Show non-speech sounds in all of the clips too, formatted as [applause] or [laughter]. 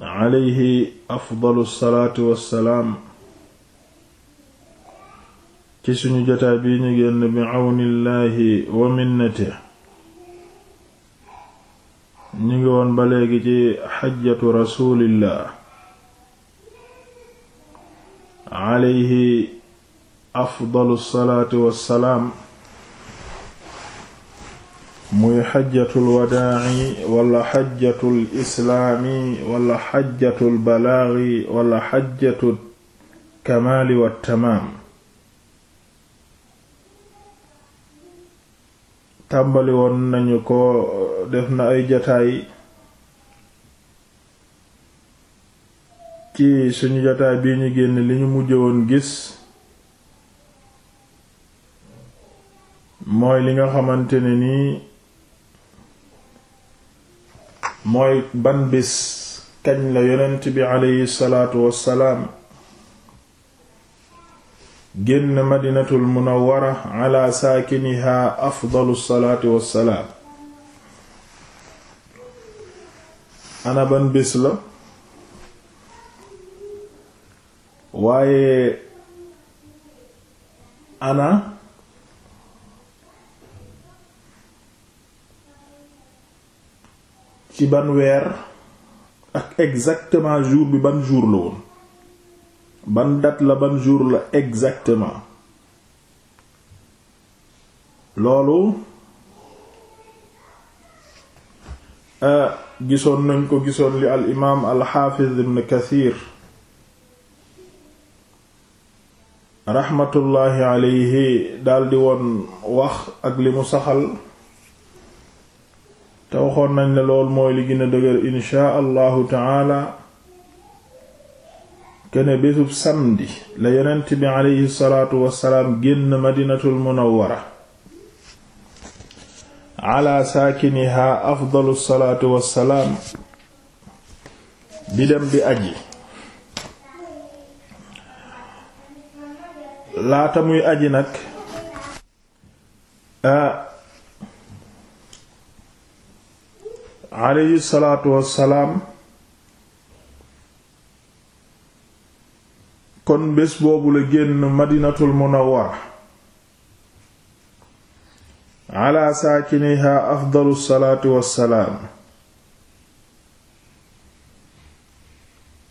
alayhi afdalu salaatu ci suñu jotaa bii ñu génn bi àwnillaahi wa minnati ñu ngi woon ba léegi ci xajjatu rasuulillah alayhi afdalu salaatu wassalaam muy xajjatul wadaa'i wala xajjatul islaami wala xajatul balaagi wala xajjatul kamaali wa tamaam tàmbali woon nañu ko def na ay jataay ci suñu jataay bi ñu génn li ñu mujj woon gis mooy li nga xamante ne mooy ban bés kañ la yonent bi aleyhi salaatu wassalaam génn madinatul munawwara ala saakiniha afdalu salaatu wassalaam ana ban bés la waaye ana ci ban weer ak exactement jour bi ban jour la woon ban date la ban jour la exactement loolu gisoon nañ ko gisoon li al imaam al xaafiz ibn kathir raxmatullaahi aleyhi daldi woon wax ak li mu saxal te waxoon nañ ne lool mooy li gën a dëgër inshaa allahu taala kene bésub samedi la yonent bi aleyhi salaatu wassalaam génn madinatul munawwara ala saakiniha afdalu salaatu wassalaam di dem di aji laata muy aji nag a ah, aleyhi salaatu wassalaam kon bés boobu la génn madinatul munawwara ala saakiniha afdalu salaatu wassalaam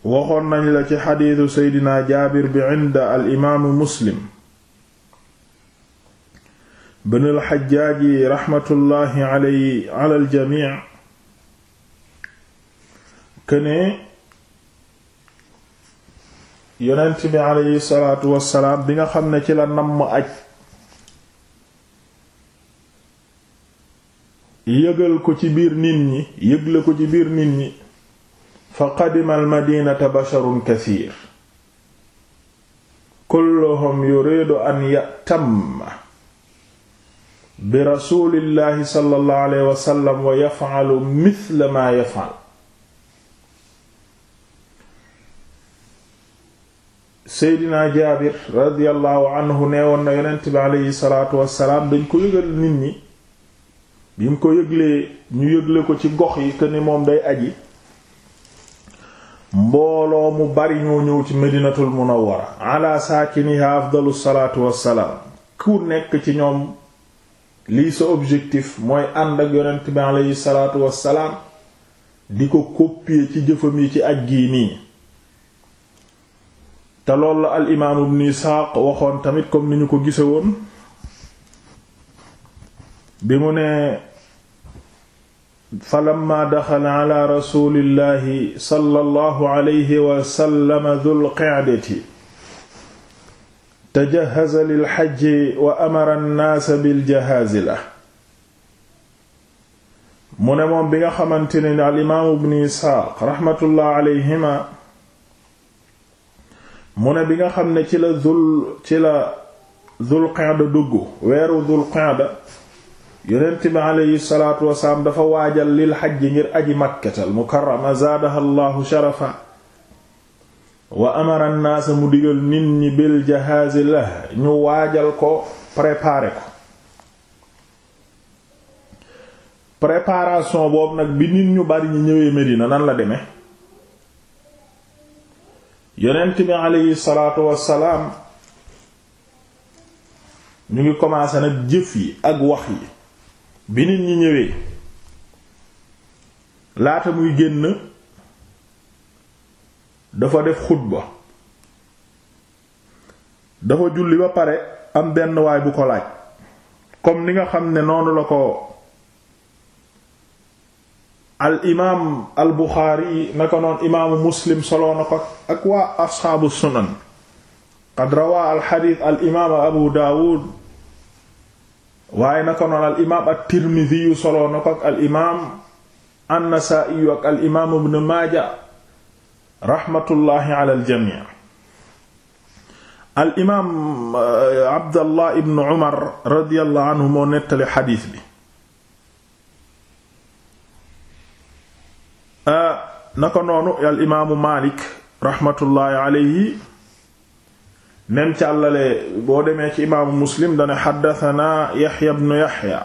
waxoon nañu la ci xadiisu seydina jaabir bi inda al imaamu muslim bin al xajjaaji raxmatullaahi aleyhi ala al jamii kënee yonent bi aleyhi salaatu wassalaam bi nga xam ne ci la namm aj yëgal ko ci biir nit ñi yëgle ko ci biir nit ñi fa qadima almadinata basharun kasiir kulluhum yuridu an yatamma bi rasulillahi sallallahu alayhi wasallam wa yaf'alu mithla ma yaf'al seydina jaabir radiallahu anhu nee woon na yonent bi aleyhi salaatu wassalaam dañ ko yëgal nit ñi bi mu ko yëglee ñu yëgle ko ci gox yi këni moom day aji mbooloo mu bari ñoo ñëw ci medinatul munawwara ala saakiniha afdalu salaatu wassalaam ku nekk ci ñoom lii sa objectif mooy ànd ak yonent bi aleyhi salaatu wassalaam di ko copier ci jëfam yi ci aj gii nii te loolu la al imaam ibn Isaaq waxoon tamit comme ni ñu ko gise woon bi mu ne falamma daxala ala rasulillahi sallallahu alayhi wa sallam dhul qa'dati tajahaza lil hajji wa amara an-naasa bil jahaazi la mu ne moom bi nga xamante al imaam ibn Isaaq rahmatullah alayhima mu ne bi nga xam ne ci la zul ci la zul qa'da dugg weeru zul qa'da yonent bi aleyhi salaatu wasalaam dafa waajal lil xajji ngir aji makkatal mukarrama zaadaha allahu sharafa wa amara mu digal nit ñi bil jahaazi la ñu waajal ko préparer ko préparation boobu nag bi nit ñu bari ñu ñëwee Medina nan la demee yonent bi aleyhi salaatu wassalaam ñu ngi commencé nag jëf yi ak wax yi bi nit ñi ñëwee laata muy génn dafa def ba dafa julli ba pare am benn waay bu ko laaj comme ni nga xam ne noonu la ko al imaam al buxaari naka noon imaamu muslim solo na ko ak waa asxaabu sunan qad rawaa al xadiis al imaam abu daawud waaye naka noon al imaam at tirmidiyu solo na ko ak al imaam annasaa'iyu ak al imaam ibn maaja raxmatullaahi ala al jamii al imaam eh, abdallah ibn umar radiyallahu anhu moo nettali xadiis bi Ah, naka noonu al imaamu Maalik raxmatullaahi alayhi même ci àllale boo demee ci imaamu Muslim dana xaddatanaa Yaxya bnu Yaxya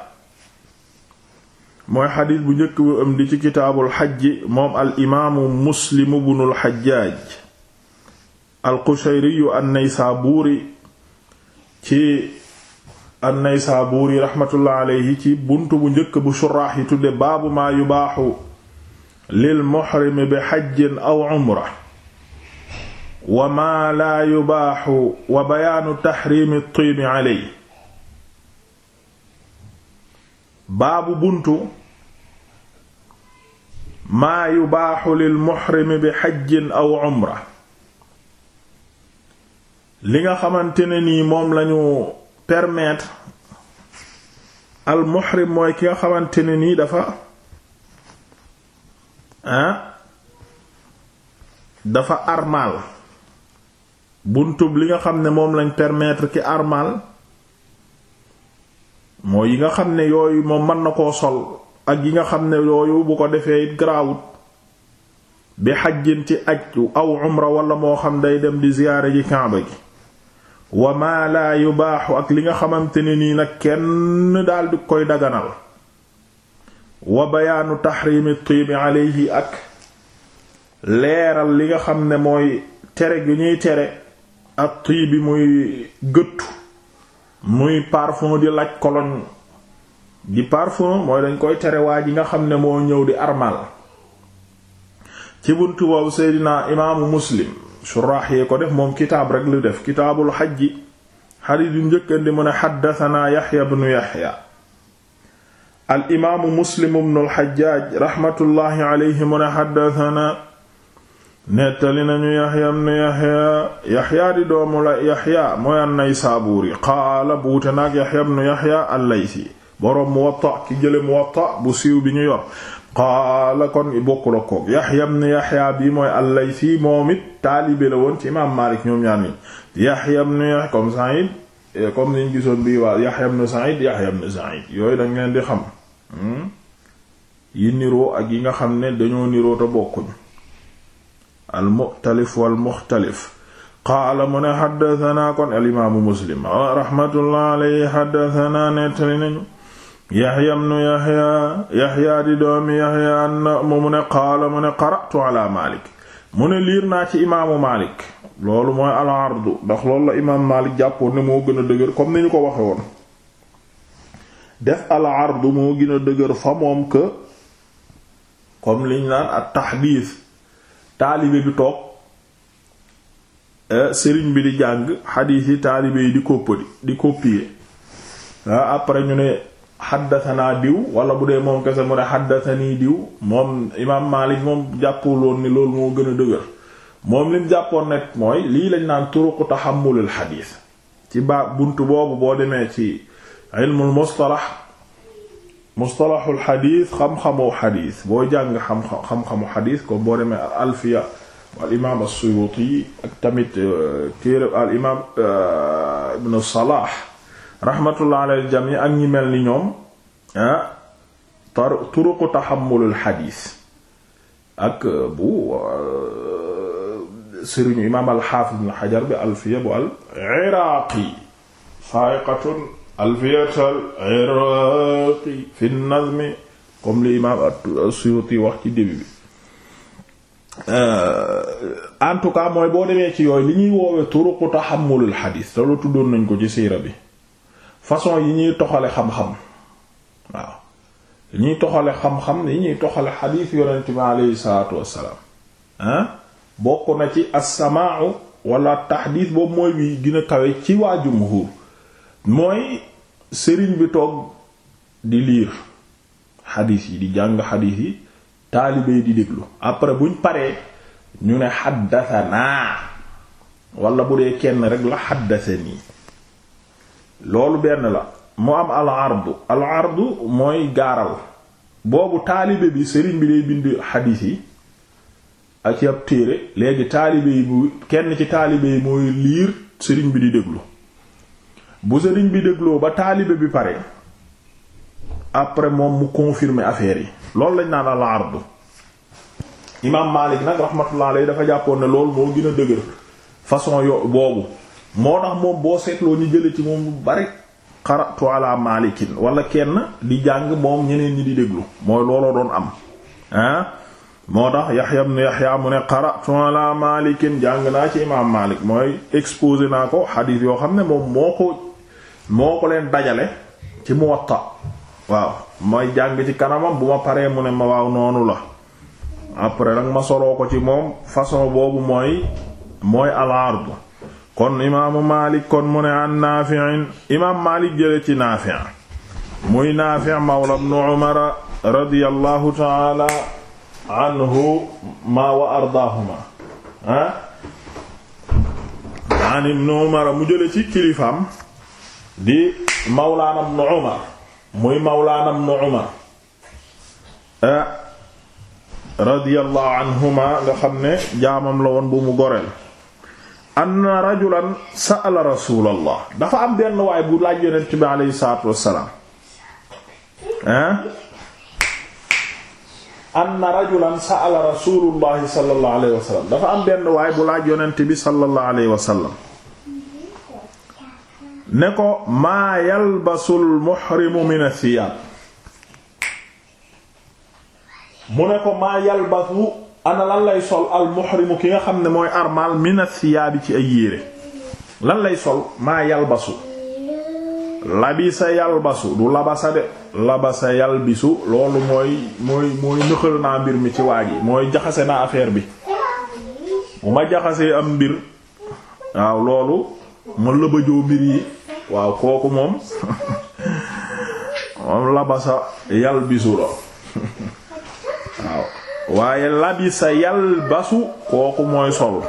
mooy xadiis bu njëkk bu am di ci kitaabul xajji moom al imaamu Muslim bnul Xajjaaj al Qushayri an-Naysaabuuri ci an-Naysaabuuri raxmatullaahi ci bunt bu njëkk bu suraax yi tudde baabu maa yubaaxu lil muhrimi bi xajjin aw umra wa ma laa yubaaxu wa bayaanu taxrimi tiibi aley baabu buntu maa yubaaxu lil muhrimi bi xajjin aw umra li nga xamante ne moom lañu permettre al muhrim mooy ki nga xamante ne nii dafa ah dafa armal buntub li nga xam ne moom lañ permettre ki armal mooy yi nga xam ne yooyu moom mën na koo sol ak yi nga xam ne yooyu bu ko defee it garaawut bi xajjin ci aj aw umra wala moo xam day dem di ziyaare ji Kaaba gi wa ma la ak li nga xamante ne nii nag kenn daal di koy daganal wa bayaanu taxrimi tiibi alayhi ak leeral li nga xam ne mooy tere gi ñuy tere ak tiibi muy gëttu muy parfum di laj cologne di parfum mooy dañ koy tere waa ji nga xam ne moo ñëw di armal ci buntu boobu seydina imaamu muslim suraax yee ko def moom kitaab rek lu def kitaabul xajji xadiis yu njëkkandi mu ne xaddasanaa yaxya bnu yaxya al imaamu muslim ibn al xajjaaj raxmatullaahi alayhi mu nettali nañu yaxya ibn yaxya yaxya di doomu yaxya mooy an-Naysaabuuri qaala buute yaxya ibn yaxya al boroom Muwatta ki jële Muwatta bu siiw bi ñu yor qaala kon bokkul ak koog yaxya ibn yaxya bi mooy al-Laysi moom it ci imaam Maalik ñoom ñaar yaxya ibn yaxya comme ça comme niñ gisoon bii waa Yahya ibn Sa'id Yahya ibn Sa'id yooyu dañ leen di xam hmm? yi niroo ak yi nga xam ne dañoo niroo te bokkuñu almuxtalif walmuxtalif qaala mu ne xaddatanaa kon alimaamu muslim rahmatullah xaddatanaa nettali nañu yaxya bnu yaxya yaxya di doomi yaxya na mu ne qaala mu ne qara'tu ala maalik mu ne liir naa ci imaamu maalik loolu mooy al-ardu ndax loolu la imaam Maalik jàppoon ni moo gën a dëgër comme ni ñu ko waxe woon def al-ardu moo gën a dëgër fa moom que comme liñ naan ak taxdiis taalibe bi toog eh, sëriñ bi di jàng xadiis yi taalibe yi di copier di copier waa ah, après ñu ne naa diw wala bu dee moom kese mu ne xaddatanii diw moom imaam Maalik moom jàppul woon ni loolu moo gën a dëgër moom lim jàppoon ne mooy lii lañ naan turuqu taxamulul xadiis ci baa bunt boobu boo demee ci ilmul mustalax mustalaxul xadiis xam-xamu boo jàng xam-xamu xadiis comme boo demee al alfiya al imaam as-Suyuuti ak tamit euh, téere al imaam euh, ibnu Salaah jamii ak ñi mel ni ñoom ah turuqu taxamulul xadiis ak euh, sëriñu imaam alxaafis ibn xajar bi alfiya bu al iraqi sayiqatun alfiyatal iraqi fi nazmi comme li imaam as-Suyuti wax ci début bi euh, en tout cas mooy boo demee ci yooyu li ñuy woowee turuqu taxamulul xadiis te lu tuddoon nañ ko ci siira bi façon yi ñuy toxale xam-xam waaw yi ñuy toxale xam-xam yi ñuy toxale xadiis yonent bi aleyhi salaatu wassalaam ah bokk na ci asamaau wala taxdiis boobu mooy bi dina a kawe ci waa jumhur mooy sëriñ bi toog di liir xadiis yi di jàng xadiis yi taalibee di déglu après buñ paree ñu ne xaddasanaa wala bu dee kenn rek la xaddasanii loolu benn la mu am alardu alardu mooy gaaral boobu taalibe bi sëriñ bi day bind xadiis yi ak ab téere léegi taalibe yi bu kenn ci taalibe yi mooy liir sëriñ bi di déglu bu sëriñ bi dégloo ba taalibe bi pare après moom mu confirmer affaire yi loolu lañ naan al ardu imaam Maalik nag rahmatullah alayhi dafa jàppoon ne loolu moo gën a dëgër façon yo boobu moo tax moom boo seetloo ñu jële ci moom bu bari xaratu ala maalikin wala kenn di jàng moom ñeneen ñi di déglu mooy looloo doon am moo tax Yaxya ibn Yaxya mu ne qara'tu ala Maalikin jàng naa ci imaam Maalik mooy exposé naa ko xadiis yoo xam ne moom moo ko moo ko leen dajale ci Muwatta waaw mooy jàng ci kanamam bu ma paree mu ne ma waaw noonu la après nag ma soloo ko ci moom façon boobu mooy mooy al-ard kon imaamu Maalik kon mu ne an Naafi'in imaam Maalik jële ci Naafi' muy Naafi' mawla ibn Umar radiyallahu ta'ala anhu ma wa ardaahuma ah? mu jële ci kilifam di mawlaana ibn umar muy mawlaana ibn umar ah? radiyallahu anhuma nga xam ne jaamam la woon bu mu goreel anna rajulan sa'ala rasulallah dafa am benn waay bu laaj yonent bi alayhi salaatu wassalaam ah? anna rajulan sa'ala rasulullahi sallallahu dafa am benn waay bu laaj yonent bi sallallahu alayhi ne ko maa yalbasul mu ne ko maa yalbasu ana lan lay sol al muhrimu ki nga xam ne mooy armal min athiyab ci ay yére lan lay sol maa yalbasu labisa yalbasu du labasa de labasa yalbisu loolu mooy mooy mooy nëxal naa mbir mi ci waaj yi mooy jaxase naa affaire bi bu ma jaxasee am mbir waaw loolu ma lëbëjoo mbir yi waaw kooku moom [laughs] moom labasa yalbisu la [laughs] waaw waaye labisa yalbasu kooku mooy sol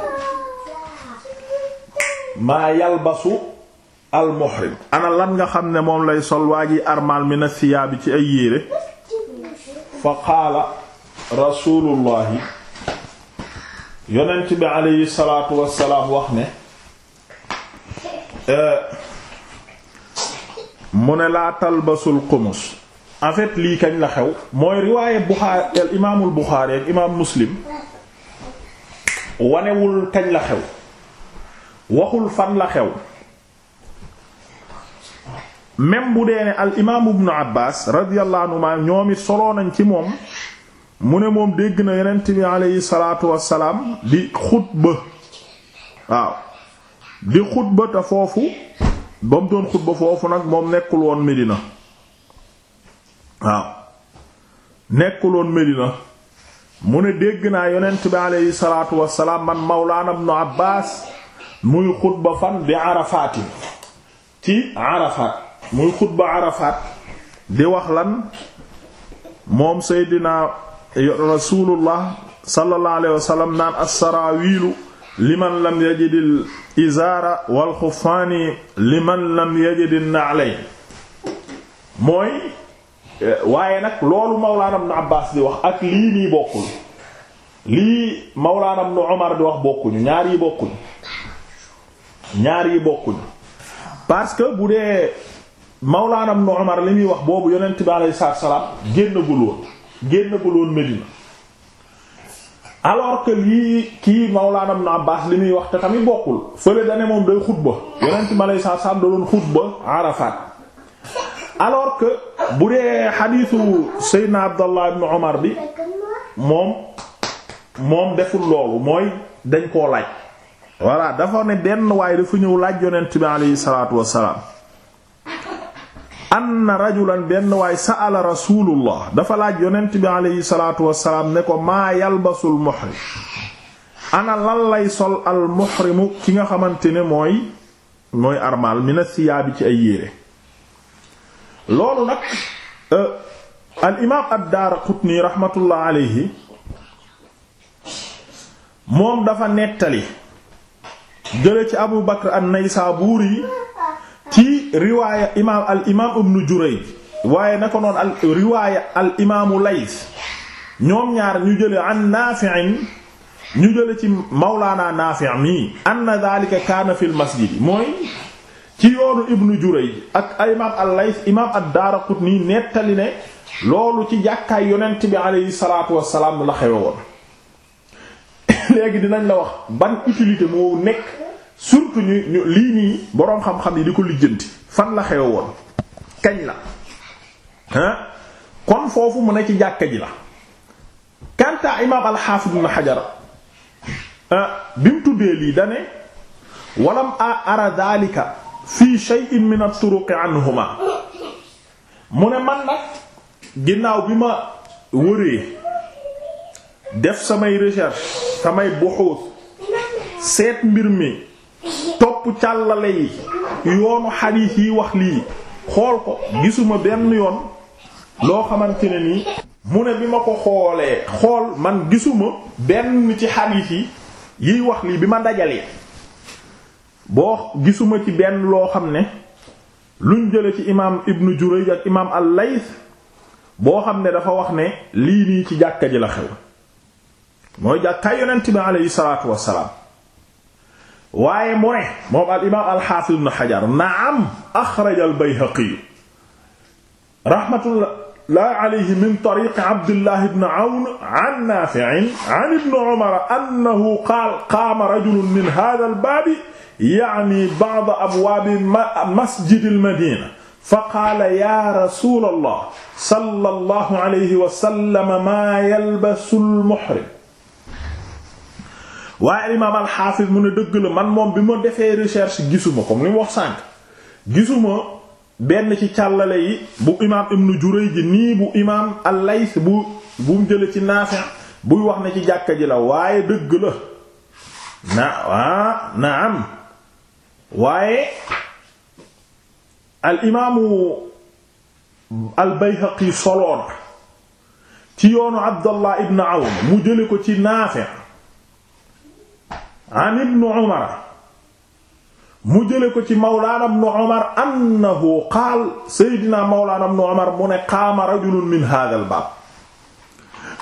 maa yalbasu al muhrim lan nga xam ne moom lay sol waa ji armal mina siyaabi ci ay yére fa qaala rasulullahi yonent bi aleyhi salaatu wassalaam wax ne eh, mu ne laa talbasul xumus en fait lii kañ la xew mooy riwaaye Buxaari al imaamul Buxaari ak imaam Muslim wanewul kañ la xew waxul fan la xew même bu dee ne al imaam ibnu Abbaas radiyallahu anhuma ñoom it soloo nañ ci moom mu ne moom dégg na yonent bi aleyhi salaatu wassalaam di xutba waaw di xutba foofu ba mu doon xutba foofu nag moom nekkul woon Medina waaw nekkul woon Medina mu ne dégg naa yonent bi aleyhi salaatu wassalaam man mawlaana ibnu Abbaas muy xutba fan di Arafaati ci Arafat muy xutba Arafat di wax lan moom Seydina Rasulullah sallallahu alayhi wa sallam naan as li liman lam yajid al-izaara wal xuffaani liman lam yajid an-na'layn mooy waaye nag loolu Mawlaana Ibn Abbaas di wax ak lii nii bokkul lii Mawlaana Ibn Umar di wax bokkuñu ñaar yi bokkuñu ñaar bu dee. Mawlaana Ibn Umar li muy wax boobu yonent bi alayhi salaatu wa salaam génnagul woon génnagul woon Medina alors que lii kii Mawlaana Ibn Abbaas li muy wax te tamit bokkul fële dane moom day xutba yonent bi alayhi salaatu wa salaam da doon xutba Arafat alors que bu dee xadiisu Seydina Abdallah Ibn Umar bi moom moom deful loolu mooy dañ koo laaj. voilà dafa ne benn waaye dafa ñëw laaj yonent bi alayhi salaatu salaam anna rajulan benn waay sa'ala rasulullah dafa laaj yonent bi aleyhi salaatu wassalaam ne ko maa yalbasul muhrim ana lan lay sol al muhrimu ki nga xamante ne mooy mooy armal mina siyaabi ci ay yére loolu nag euh, al imaam ad-Daaraqutni rahmatullah aleyhi moom dafa nettali jële ci Abu Bakr an-Naysaabuuri ci riwaaya imaam al imaam ibnu Jurayj waaye na ko noonu al riwaaya al imaamu Lays ñoom ñaar ñu jële an Naafi'in ñu jële ci mawlaana Naafi' mi an daalika kaana fil masjid mooy ci yoonu ibnu Jurayj ak al imaam al Lays imaam ad-Daaraqutni nettali ne loolu ci jàkkaay yonent bi aleyhi salaatu wassalaam la xewe woon [laughs] léegi dinañ la wax ban utilité moo nekk surtout ñu lii nii boroom xam-xam yi di ko lijjanti fan la xew woon kañ la kon foofu mu ne ci jàkka ji la kanta imaam alxaafid ibn xajar bi mu tuddee lii dane walam ara daalika fii shay'in min at-turuq anhuma mu ne man nag ginnaaw bi ma wëree def samay recherche samay buxuus seet mbir mi topp càllale yi yoonu xadiis yi wax lii xool ko gisuma benn yoon loo xamante ne nii mu ne bi ma ko xoolee xool man gisuma benn ci xadiis yi yiy wax lii bi ma dajalee boo gisuma ci benn loo xam ne luñ jële ci imaam ibnu Jurayj ak imaam al boo xam ne dafa wax ne lii nii ci jàkka ji la xew mooy jàkkaay yonent bi aleyhi salaatu wassalaam waaye mu ne moom al imaam al xaafiz ibn xajar naam axraj al bayhaqi rahmatullahi alayhi min tariiqi abdullah ibn awn an naafi'in an ibn umar annahu qaala qaama rajulun min haadhal baabi ya'ni ba'd abwaabi masjidil madiina fa qaala yaa rasuulallah sallallahu alayhi wa sallam maa yalbasul muhrim waaye imaam alxaafis mu ne dëgg la man moom bi ma defee recherche gisuma comme li mu wax sànk gisuma benn ci càllale yi bu imaam ibnu Jurayj nii bu imaam al bu bu mu jële ci Naafi buy wax na ci jàkka ji la waaye dëgg la na ah waaye al imaamu al ci yoonu Abdallah ibn Awn mu jële ko ci Naafi an ibnu umara mu jële ko ci mawlaana ibnu umar annahu qaal seydina mawlaana ibnu umar mu ne qaama rajulun min hadha baab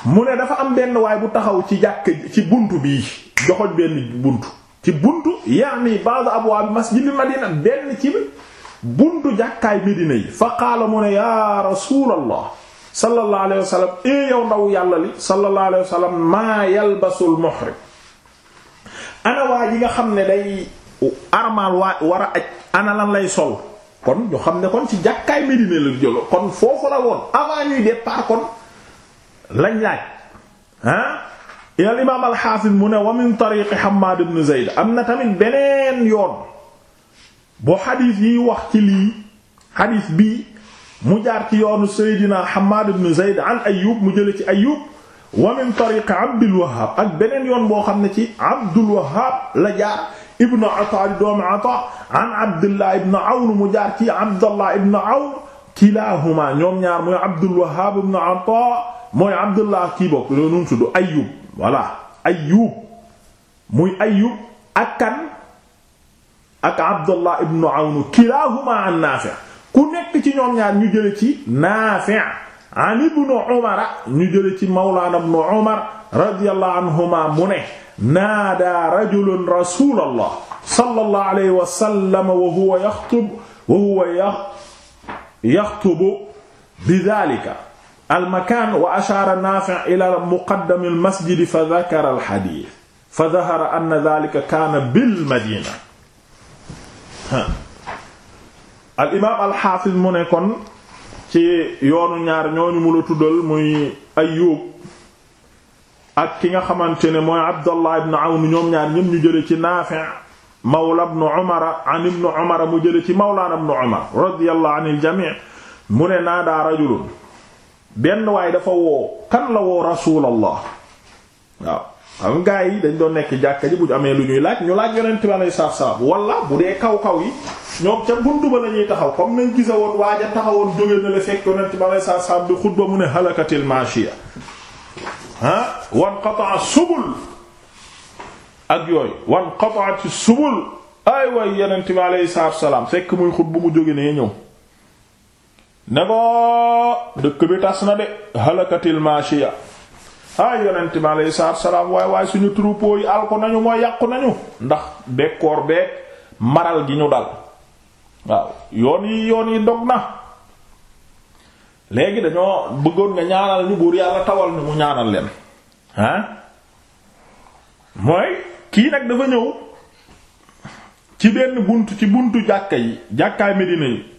mu ne dafa am benn waay bu taxaw ci jàkk ci bunt bii joxoñ benn bunt ci bunt yaani ba'd abwaab masjidil madina benn ci buntu jàkkaay medina yi fa qaala mu ne yaa rasuulallah sallallahu alayhi wa sallam ee eh ndaw yàlla li sallallahu alayhi wa maa yalbasul muhrim ana waa nga xam ne day armal waa war a aj ana lay sol kon ñu xam ne kon ci jàkkaay Medina la jël kon foofu la woon avant ñuy départ kon lañ laaj ah al imaam alxaafis mu ne wa min tariqi Hammaad ibn am na tamit beneen yoon bu xadiis yi wax ci lii xadiis bii mu jaar ci yoonu Seydina Hammaad ibn Zayd an Ayyub mu jële ci Ayyub wa min tariq Abdul ak beneen yoon boo xam ne ci Abdul la jaar ibn Ata di doomi Ata an Abdullah ibn Awn mu jaar ci Abdullah ibn Awn kilahuma ñoom ñaar mooy Abdul Wahhab ibn Ata mooy Abdullah kii bokk loolu nu tudd Ayyub voilà Ayyub muy Ayyub ak kan ak Abdullah ibn Awn kilahuma an Nafi' ku nekk ci ñoom ñaar ñu jële ci Nafi' an ibnu umara ñu jële ci mawlaana ibnu umar radiyallahu anhuma mu ne naadaa rajulun rasulallah sallallahu alayhi wa sallam wa huwa yaxtub wa huwa yaxtubu bi daalika almakaan wa ashaara naafi' ila muqaddami almasjidi fa dakara alxadiis fa dahara anna daalika kaana bilmadina al imaam alxaafiz mu ne kon ci yoonu ñaar ñoo mu la tuddal muy Ayyub ak ki nga xamante ne mooy Abdallah ibn Awn ñoom ñaar ñëm ñu jële ci Naafi' mawla ibn Umar mu jële ci mawlaana ibn Umar radiyallahu anil jamii mu ne naadaa rajulun benn waay dafa woo kan la woo rasuulallah waaw xam gaa yi dañ doon nekk jàkka ji bu ñu amee lu ñuy laaj ñu laaj yonent bi alayhi salaatu salaam wala bu dee kaw-kaw yi ñoom ca buntu ba la ñuy taxaw comme nañ gisa woon waaja taxawoon jóge na la fekk yonent bi alayhi salaatu salaam di xutba mu ne halakatil maashiya ah wan qata'a subul yooyu wan qata'ati subul ay waay yonent bi alayhi salaatu salaam fekk muy xutba mu jóge nee ñëw ne ko dëkk bi tas na de halakatil maashiya ah yonent bi aleyhi salaatu salaam waay waay suñu troupeau yi alko nañu mooy yàqu nañu ndax bekkoor beeg maral gi ñu dal waaw yoon yi yoon yi dog na léegi dañoo bëggoon nga ñaanal ñu buur yàlla tawal ni mu ñaanal leen ah mooy kii nag dafa ñëw ci benn bunt ci buntu jàkka yi jàkkaay Medina yi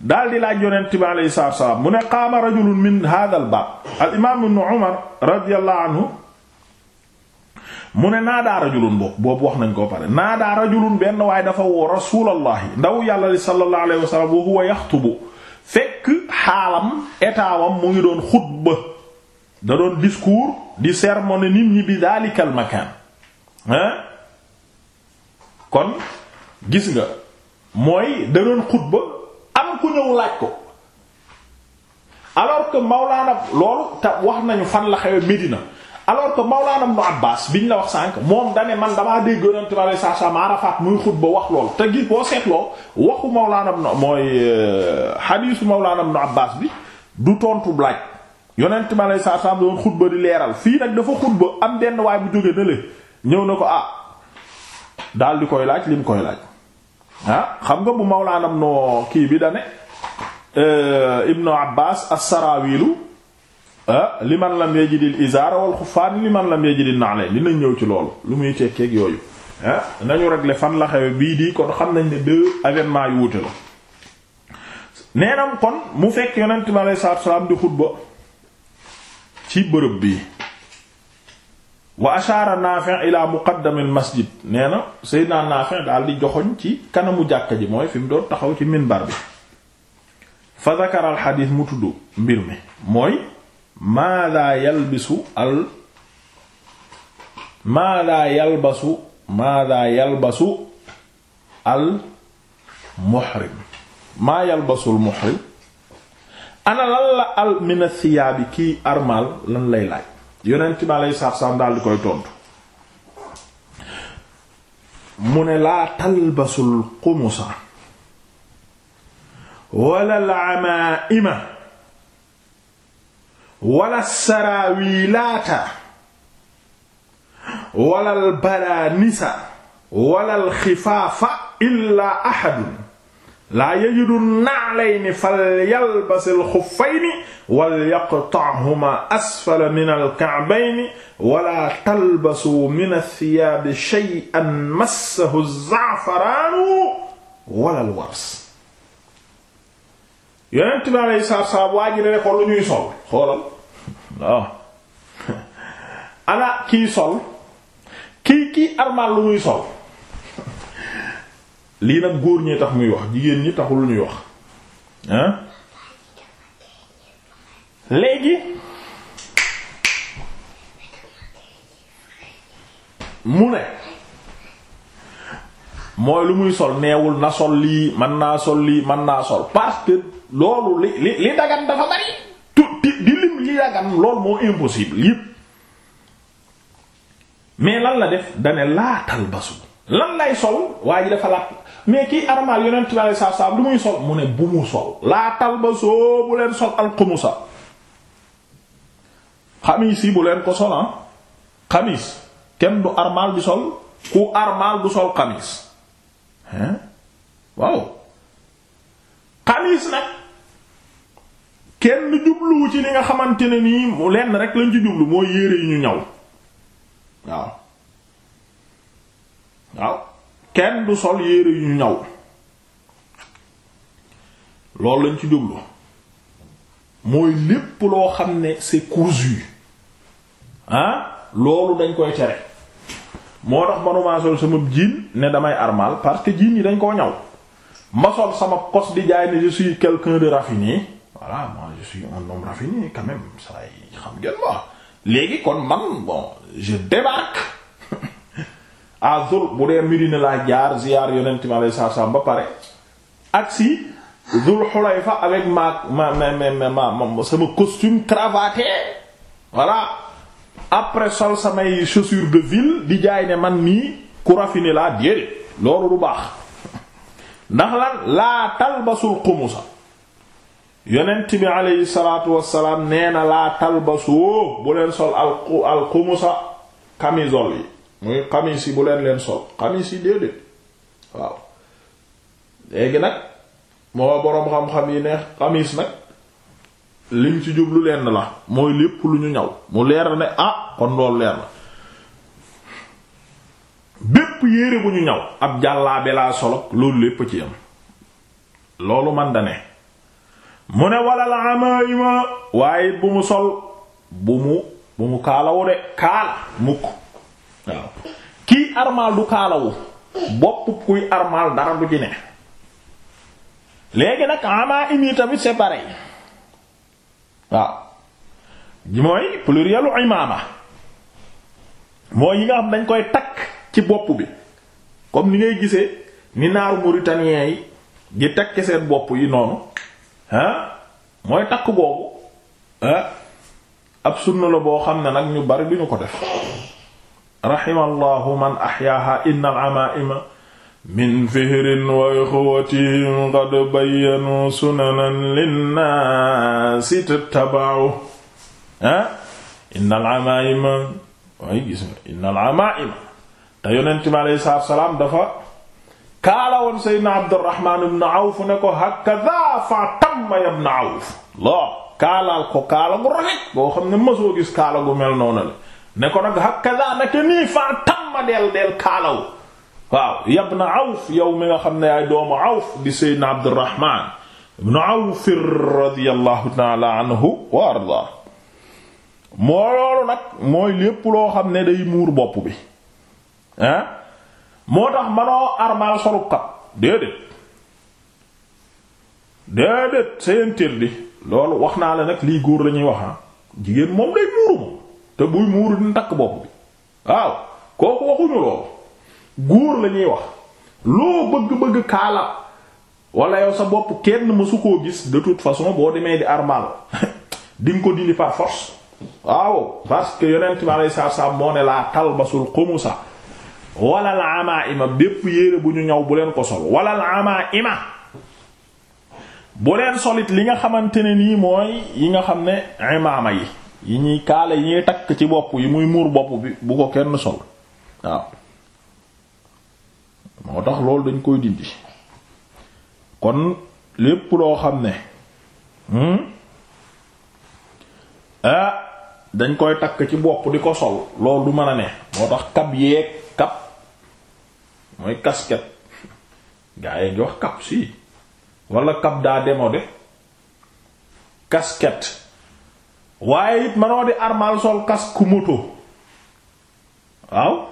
daal di laaj yonent bi alayhi salaatu wa salaam mu ne qaama rajulun min hadha al baab al imaam ibn Umar radiyallahu anhu mu ne naadaa rajulun boobu boobu wax nañ ko pare naadaa rajulun benn waaye dafa woo rasulallahi ndaw yàlla li sallallahu alayhi wa sallam wa huwa yaxtubu fekk xaalam etaawam mu ngi doon xutba da doon discours di sermone nit ñi bi daalikal makaan hein kon gis nga mooy da doon xutba ku ñëw laaj ko alors que Maulana loolu te wax nañu fan la xewe Médina alors que Maulana Ibn bi ñu la wax sànq moom dane man damaa dégg Yonent bi sallallahu alayhi wa sallam Arafat muy xutba wax lool te gis boo seetloo waxu Maulana mooy euh, hadiisu Maulana Ibn Abbas bi du tontu laaj Yonent bi sallallahu alayhi wa xutba di leeral fii nag dafa xutba am benn waay bu jóge na ñëw na ko ah daal di koy laaj lim koy laaj. xam nga bu mawlaanam noo kii bi dane euh, ibnu abbas as-saraawilu li man lam di izaara wal xuffaan li man lam yajidil naale dinañ ñëw ci loolu lu muy tekkeeg yooyu ah nañu régler fan la xewe bii di kon xam nañ ne deux événements yu wuute la neenam kon mu fekk yonent bi alei salatuasalaam di xutba ci bërëb bii wa ashaara Naafi' ila muqaddamil masjid nee na Seydina Naafi' daal di joxoñ ci kanamu jàkka ji mooy fi mu doon taxaw ci minbar bi fa dakara xadiis mu tudd mbir mi mooy maa laa al maa laa yalbasu maa yalbasu al muhrim maa la al min athiyaabi kii armal lan lay laaj yonent bi aleyhi salaatu daal di koy tontu mu ne laa talbasul xumusa wala lamaa'ima wala saraawilaata wala albalaanisa wala alxifaafa illaa ahadun laa yajidu na'layni falyalbas al-xuffayni walyaqta'humaa asfala min al-ka'bayni wala talbasuu min ath-thiyaabi shay'an massahu az-za'faraanu wala al-wars. Yonent bi alayhi salaatu wa salaam waa ji ne ko lu ñuy sol xoolal waaw [laughs] ana kii sol kii kii armal lu muy sol. lii nag góor ñee tax muy wax jigéen ñi taxul ñuy wax léegi mu ne mooy lu muy sol neewul na sol lii mën naa sol lii mën naa sol parce que loolu li li li dagan dafa bari tuuti di lim li dagan loolu moo impossible yépp mais lan la def dane laatal basu lan lay sol waa ji dafa làpp mais kii armal yonent bi alayhi salaatu salaam lu muy sol mu ne bu mu sol laa talbasoo bu leen sol alxumusa xamiis yi bu leen ko sol ah xamiis kenn du armal di sol ku armal bu sol xamiis hein waaw xamiis nag kenn jubluwu ci li nga xamante ne nii mu lenn rek lañ ci jublu mooy yére yi ñu ñaw waaw waaw kenn du sol yére yu ñu ñaw loolu lañ ci jublu mooy lépp loo xam ne c'est cousu ah loolu dañ koy tere moo tax manuma sol sama jiin ne damay armal parce que jiin yi dañ koo ñaw ma sol sama kos di jaay ne je suis de raffiné voilà moi je suis un homme raffiné saa yi xam ngeen ma léegi kon man je débarque à Zul bu dee Medina laa jaar ziyaar yonent mi alayhi salaam ba pare agsi Zul Hulayfa avec ma ma ma ma sama costume cravaté voilà après sol samay chaussures de ville di jaay ne man nii ku raffiné laa déedéet loolu du baax ndax lan laa talbasul xumusa yonent bi aleyhi salaatu wassalaam nee laa talbasu bu leen sol al xumusa camisole yi muy xamis yi bu leen leen sol xamis yi déedéet waaw léegi nag moo boroom xam-xam yi ne xamis nag lim ci jublu leen la mooy lépp lu ñu ñaw mu leer ne ah kon loolu leer na bépp yére bu ñu ñaw ab jàllaabe laa solog loolu lépp ci am loolu man da ne mu ne walal amaayuma waaye bu mu sol bu mu bu mu kaalawu de kaala mukk waaw kii armal du kaalawu bopp kuy armal dara du ci léegi nag ama imi tamit c'est pareil waaw mooy plurielu imaama mooy yi nga xam dañ koy takk ci bopp bi comme li ngay gisee ni naaru mauritanien yi di takk seen bopp yi noonu ah mooy takk boobu ah ab sunna la boo xam ne nag ñu bari duñu ko def rahimallahu man axyaaha inna al'amaa'ima min fihrin wa ixwatihim qad bayyanu sunanan linnaasi tattaba'u ah inna al'amaa'ima waaye gis nga inna al'amaa'ima te yonent bi alayhi salaatu wa salaam dafa kaala woon Seydina Abdurrahmaan ibn Awf ne ko hakaza fa tamma ya ibn Awf loo kaalaal ko kaala gu rafet boo xam ne mësoo gis kaala gu mel noonu la ne ko nag hakaza naka nii faa tamma del del kaalaw waaw yabna awf yow mi nga xam ne yaay doomu awf di seydna abdirahman ibnu awf radiyallahu taala anhu wa ardaa moo loolu nag mooy lépp loo xam ne day muur bopp bi moo tax manoo armal solub xat déedéet déedéet c'est interdit loolu wax naa la nag lii góor la ñuy wax ah. jigéen moom day muuru te buy muur dina takk bopp bi waaw kooku waxuñu loolu góor la ñuy wax loo bëgg-bëgg kaala wala yow sa bopp kenn mësu koo gis de toute façon boo demee di armal [laughs] di ko dindi par force waaw parce que yonent bi alei saatu salaam moo ne laa talbasul xumusa wala al ama ima bépp yére bu ñu ñaw bu leen ko sol wala al ama bu leen solit li nga xamante ne nii mooy yi nga xam ne imaama yi yi ñuy kaala yi ñuy takk ci bopp yi muy muur bopp bi bu ko kenn sol waaw moo tax loolu dañ koy dindi kon lépp loo xam ne hmm? ah dañ koy takk ci bopp di ko sol loolu du mën a ne moo tax kab yeeg kap mooy kasket gaa yi ngi wax kap si wala kap daa démodé casquette waaye it manoo di armal sol kasku moto waaw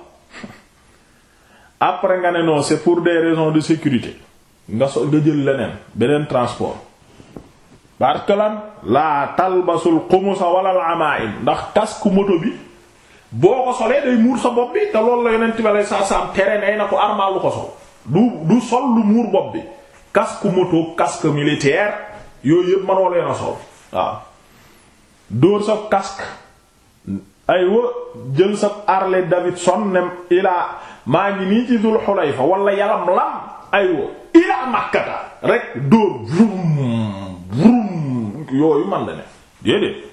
après nga ne non c'est pour des raisons de sécurité nga so nga jël leneen beneen transport parce que lan laa talbasul xumusa walal amaim ndax casque moto bi boo ko solee day muur sa bopp bi te loolu la yonent bi aleye saa tere nay na ko armal lu ko sol du du sol lu muur bopp bi casque moto casque militaire yooyu yëpp manoo leen a sol waaw dóor sa casque aywa jël sa Harley Davidson ne ilaa maa ngi nii ci Dul Xulayfa wala yalam lam aywa ilaa Makkata rek dóor vroom vroom yooyu man la ne déedéet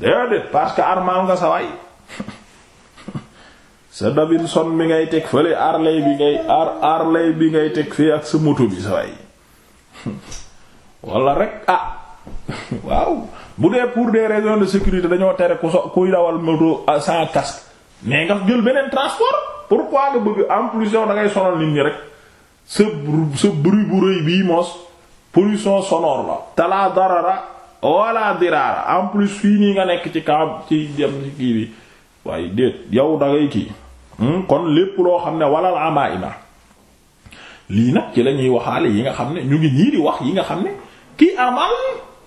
déedéet parce que armal nga sa waay [laughs] sa Davidson bi ngay teg fële Harley bi ngay Harley bi ngay teg fii ak sa moto bi sa waay [laughs] wala rek ah [laughs] waaw bu dee pour de raisons de sécurité dañoo tere ku so kuy dawal moto euh, sans casque mais nga jël beneen transport pourquoi nga bëgg en yow da ngay sonal nit ñi rek sa sa bruit bu rëy bii moos pollution sonore la talaa darara wala diraara en fii nii nga nekk ci camp ci dem ci kii bi waaye déet yow da ngay kii hmm? kon lépp loo xam ne walal ama ima lii nag ci la ñuy waxaale yi nga xam ne ñu ngi ñii di wax yi nga xam ne kii amal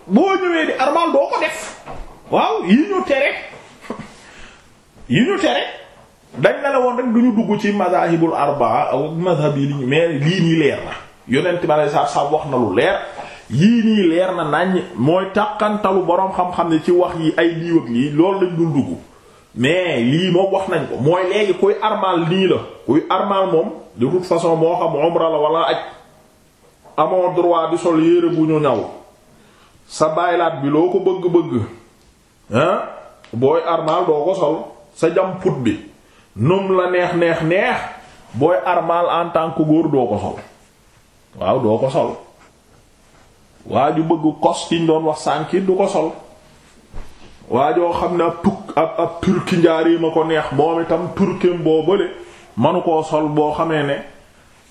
boo ñëwee di armal doo ko def waaw yi ñu tere yi ñu tere dañ na la rek duñu dugg ci mazahibul arbaa aw mazhab yi liñu mais lii nii leer na yonent ma lay sa wax na lu leer yii nii leer na nañ mooy tàqantalu boroom xam-xam ne ci wax yi ay lii wëg lii loolu lañ dul dugg mais lii moom wax nañ ko mooy léegi kuy armal nii la kuy armal moom de toute façon moo xam umra la wala aj amoo droit di sol yére bu ñu ñaw sa baylaat bi loo ko bëgg-bëgg booy armaal doo ko sol sa jam put bi num la neex neex neex booy armaal en tant que góor doo ko sol waaw doo ko sol waa ju bëgg kos kiñ doon wax sànki du ko sol waa joo xam ne ab tukk ab ab turki njaari ma ko neex moom itam turkeem boo bële manu koo sol boo xamee ne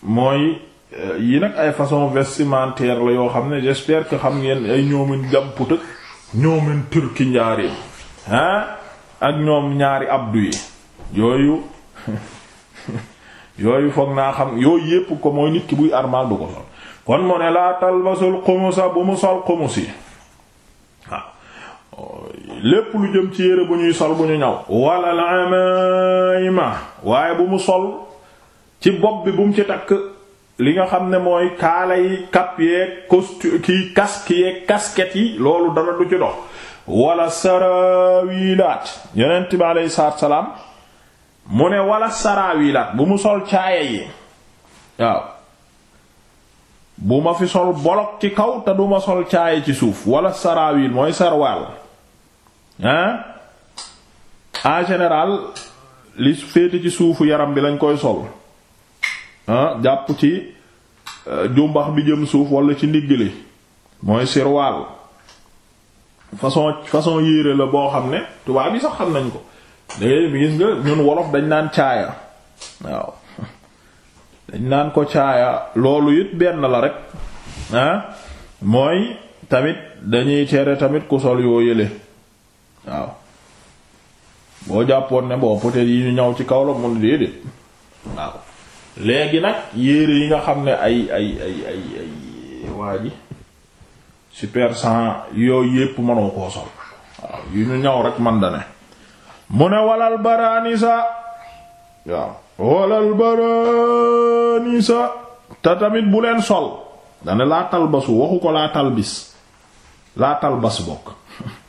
mooy Euh, yi nag ay façon vestimentaire la yoo xam ne j'espère que xam ngeen ay ñoomin jàmputëg ñoomin turki njaari ah ak ñoom ñaari abdu yi yooyu [laughs] yooyu foog naa xam yooyu yépp ko mooy nit ki buy armal du ko sol kon mu ne laa talbasul xumusa bu mu sol xumus yi lépp lu jëm ci yére bu ñuy sol bu ñu ñaw wala al amaima waaye bu mu sol ci bopp bi bu mu ci takk li nga xam ne mooy kaala yi cap yeeg costume kii kask yeeg casquette yi loolu dara du ci dox wala sarawilaat yonent bi aleyhi salaatu salaam mu sarawilaat bu mu sol caaya yi waaw bu ma fi sol bolok ci kaw te duma sol caaya ci suuf wala sarawil mooy sarwaal hein en général li féete ci suufu yaram bi lañ koy sol ah jàpp ci euh, jumbax bi jëm suuf wala ci ndigg li mooy sirwaal façon façon yére la boo xam ne tubaab yi sax xam nañ ko dangay gis nga ñun wolof dañ naan caaya waaw [laughs] dañ naan ko caaya loolu it benn la rek mooy tamit dañuy tere tamit ku sol yoo yële waaw boo jàppoon ne bon peut yi ñu ñaw ci kaw la mun déedéet waaw léegi nag yére yi nga xam ne ay ay ay ay ay super cent yooyu yépp mënoo koo sol waaw yu ñu ñaw rek man da ne mu ne walal baraanisa waaw walal baraanisa te tamit bu leen sol dane laa talbasu waxu ko laa talbis laa talbas bokk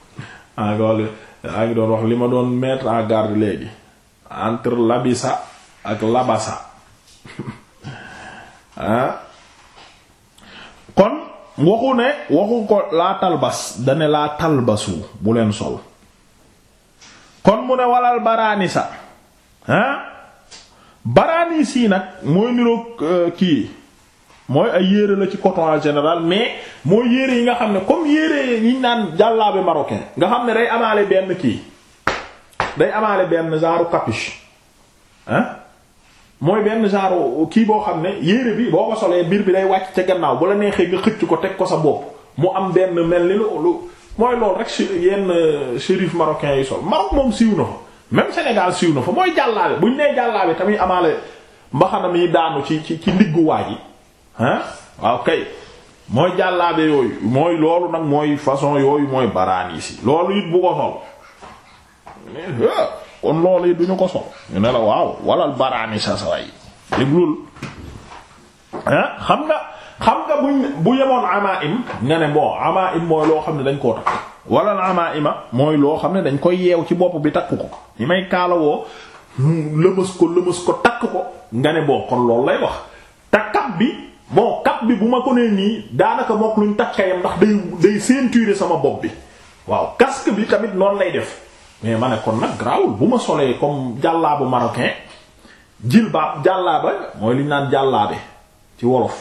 [laughs] aa ngi doon wax li ma doon mettre en garde léegi entre labisa ak labasa [laughs] kon waxu ne waxu ko laa talbas dane laa talbasu bu leen sol kon mu ne walal sa ah baraanis sii nag mooy niroog euh, kii mooy ay yére la ci coton en général mais mooy yére yi nga xam ne comme yére yi ñu naan jàllaabe marocain nga xam ne day amaale benn kii day amaale benn genre capuche ah mooy benn genre kii boo xam ne yére bi boo ko solee biir bi day wàcc ca gannaaw bu la neexee nga xëcc ko teg ko sa bopp mu am benn mel ni lu mooy loolu rek yenn shérif marocain yi sol Maroc moom siiw na fa même Sénégal siiw na fa mooy jàllaabe buñ nee jàllaabe tamit amaale mbaxana mi daanu ci ci ci ndiggu waa ji ah waaw kay mooy jàllaabe yooyu mooy loolu nag mooy façon yooyu mooy baraan yi si loolu it bu ko sol ah! kon loolu yi duñu ko sol ñu ne la waaw walal baraani sa saway déglul ah xam nga xam nga buñ bu yemoon ama im nga ne bon ama im mooy loo xam ne dañ ko takk walal ama ima mooy loo xam ne dañ koy yeew ci bopp bi takk ko ñu may kaalawoo lëmës ko lëmës ko takk ko nga ne bon kon loolu lay wax te kap bi bon kap bi bu ma ko nee nii daanaka mook luñ takkayam ndax day day ceinturer sama bopp bi waaw casque bi tamit noonu lay def mais ma ne kon nag grawul bu ma solee comme jàllaabu marocain jilbaab jàllaaba mooy li ñu naan jàllaabe ci wolof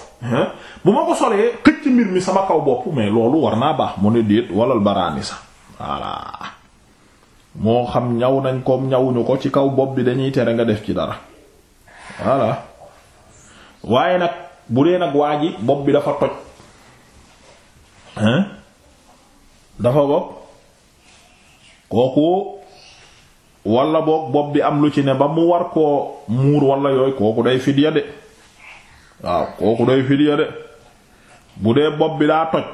bu ma ko solee xëcc mbir mi sama kaw bopp mais loolu war naa baax mu ne déet walal baraani sax moo xam ñaw nañ koom ñawuñu ko ci kaw bopp bi dañuy tere nga def ci dara voilà waaye nag bu dee nag waa bopp bi dafa toj dafa bopp kooku wala boog bopp bi am lu ci ne ba mu war koo muur wala yooyu kooku day fidya de waaw kooku day fidya de bu dee bopp bi daa toj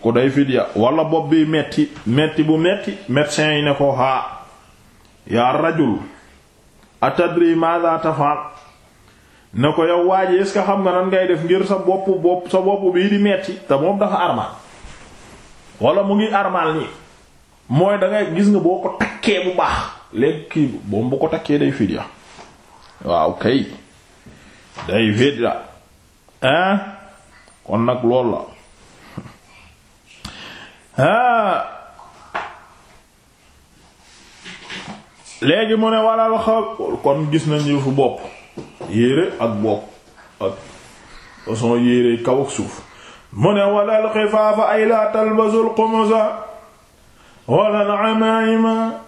ku day fidya wala bopp bi metti metti bu metti médecin yi ne ko haa yaa rajul atadri madha tafal ne ko yow waa ji est-ce xam nga nan ngay def ngir sa bopp bopp sa bopp bii di metti te moom dafa armal wala mu ngi armal nii mooy da gis nga boo ko takkee bu baax léegi kii boom bu ko takkee day fidya waaw kay day la hein kon nag lool la léegi mu ne walal xaw kon gis nañu fu bopp yére ak bopp ak façon yére kaw ak suuf mu ne walal xifaafa ay la talbasul xumusa wala al-amaa'ima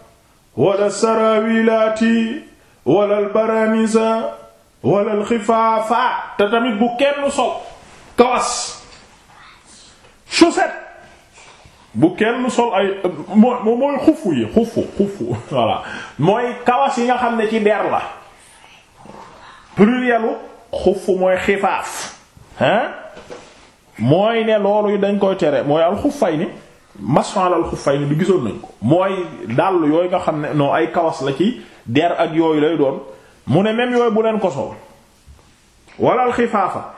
wala as walla wala al-baraanisa wala al-xifaafa te tamit bu kenn sol kawas chaussette bu kenn sol ay mooy xufu yi xufu xufu [laughs] voilà mooy kawas yi nga xam ne ci der la plurielu xufu mooy xifaaf hein mooy ne loolu dañ koy tere mooy al xufay ni mason alal xuffay ni bi gisoon nañ ko mooy dàll yooyu nga xam ne non ay kawas la ci der ak yooyu lay doon mu ne même yooyu bu leen ko sol wala al xifaafa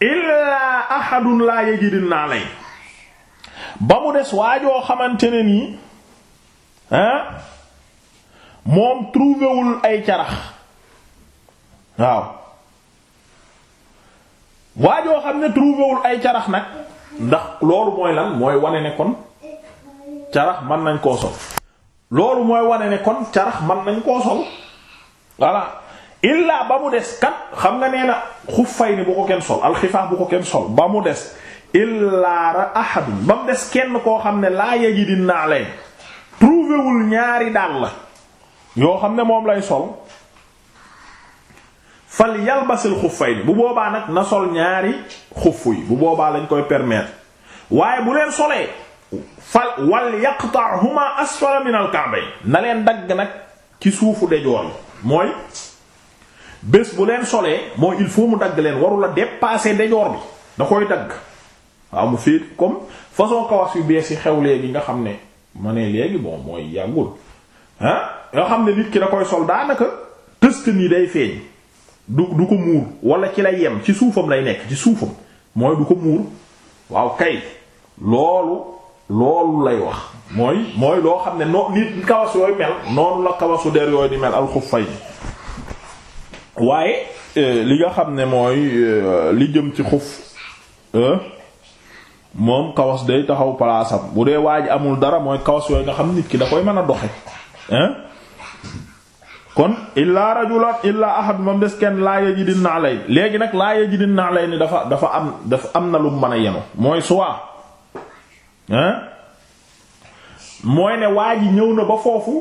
illaa ahadun laa yajidi naa lay ba mu des waajoo xamante ne nii hein moom trouvéwul ay carax waaw waajoo xam ne trouvéwul ay carax nag ndax loolu mooy lan mooy wane ne kon carax mën nañ koo sol loolu mooy wane ne kon carax man nañ koo sol voilà illaa ba mu des kat xam nga nee na xuffay ni bu ko kenn sol alxifaaf bu ko kenn sol ba mu des illaa ra ahadun ba mu des kenn koo xam ne laa yajidin naa leen trouvéwul ñaari la yoo xam ne moom lay sol fal yalbasil xuffayni bu boobaa nag na sol ñaari xuffu yi bu boobaa lañ koy permettre waaye bu leen solee fal wal yaqta'huma asfala min al ka'bayn na leen dagg nag ci suufu dejoor mooy bés bu leen solee moo il faut mu dagg leen waru la dépasser dejoor bi da koy dagg waaw mu féet comme façon kawas yu bees yi xew léegi nga xam ne ma ne léegi bon mooy yàggul ah yoo xam ne nit ki da koy sol daanaka tëst nii day feeñ du du ko muur wala ci lay yem ci suufam lay nekk ci suufam mooy du ko muur waaw kay loolu loolu lay wax mooy mooy loo xam ne noo nit kawas yooyu mel noonu la kawasu der yooyu di mel alxuffay waaye e, li nga xam ne mooy e, li jëm ci xuf e, moom kawas day taxaw palaasam bu dee waa ji amul dara mooy kawas yooyu nga xam nit ki da koy mën a doxe kon illaa rajulan illaa ahad moom des kenn laa yajidin na alay léegi nag laa yajidin na alay ni dafa dafa am dafa am na lu mën a yenu mooy soit mooy ne waa ji ñëw na ba foofu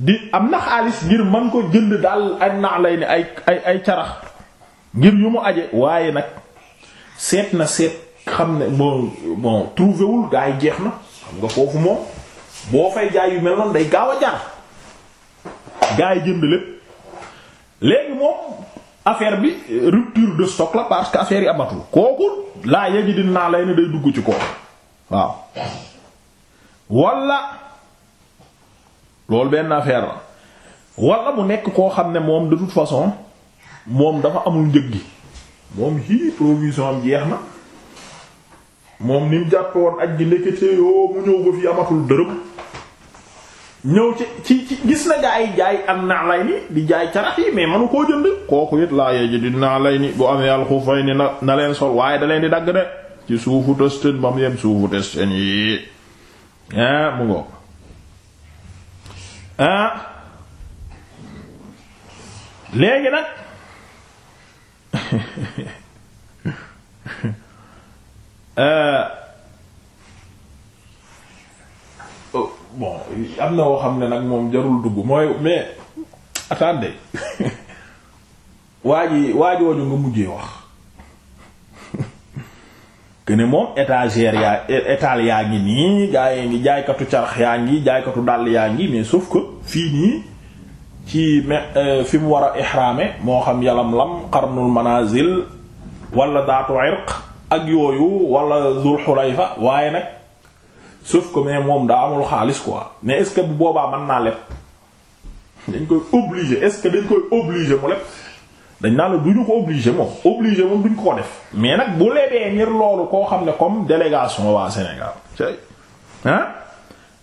di am na xaalis ngir mën ko jënd daal ak na alay ay ay ay carax ngir yu mu aje waaye nag seet na seet xam ne bon bon trouvé wul gaa yi jeex na xam nga foofu moom boo fay jaay yu mel day gaaw a jar gars yi jënd lépp léegi moom affaire bi rupture de stock la parce que affaire yi amatul kooku laa yëg di lay ne day dugg ci kooku waaw wala loolu benn affaire la wala mu nekk koo xam ne moom de toute façon moom dafa amul njëg gi moom hii provision am jeex na moom ni mu jàppe woon ak gi ndekete yoo mu ñëw ko fi amatul dërëm. ñëw ci ci ci gis na gaa yi jaay am na lay ni di jaay carax yi mais manu koo jënd kooku it laa yee ji di naa lay ni bu amee alxufay ni na na leen sol waaye da leen di dagg de ci suufu testeen ba mu yem suufu testeen yi ah mu ngoog ah. léegi nag [laughs] ah. bon am na woo xam ne nag moom jarul dugg mooy mais attendez waa ji waa jooju nga mujjee wax que moom étagère yaa étal yaa ngi nii gaa yi ngi jaaykatu carax yaa ngi jaaykatu dàll yaa ngi mais sauf ko fii nii ci me euh, fi mu war a ixraame moo xam yalam lam qarnul manazil wala daatu irq ak yooyu walla zul xulayfa waaye nag sauf ko mais moom daa amul xaalis ko quoi mais est-ce que bu boobaa man naa leb dañ koy obligé est-ce que dañ koy obligé mu leb dañ naa la du ñu ko obligé moom obligé moom duñ ko def mais nag bu lebee ngir loolu koo xam ne comme délégation waa Sénégal cay ah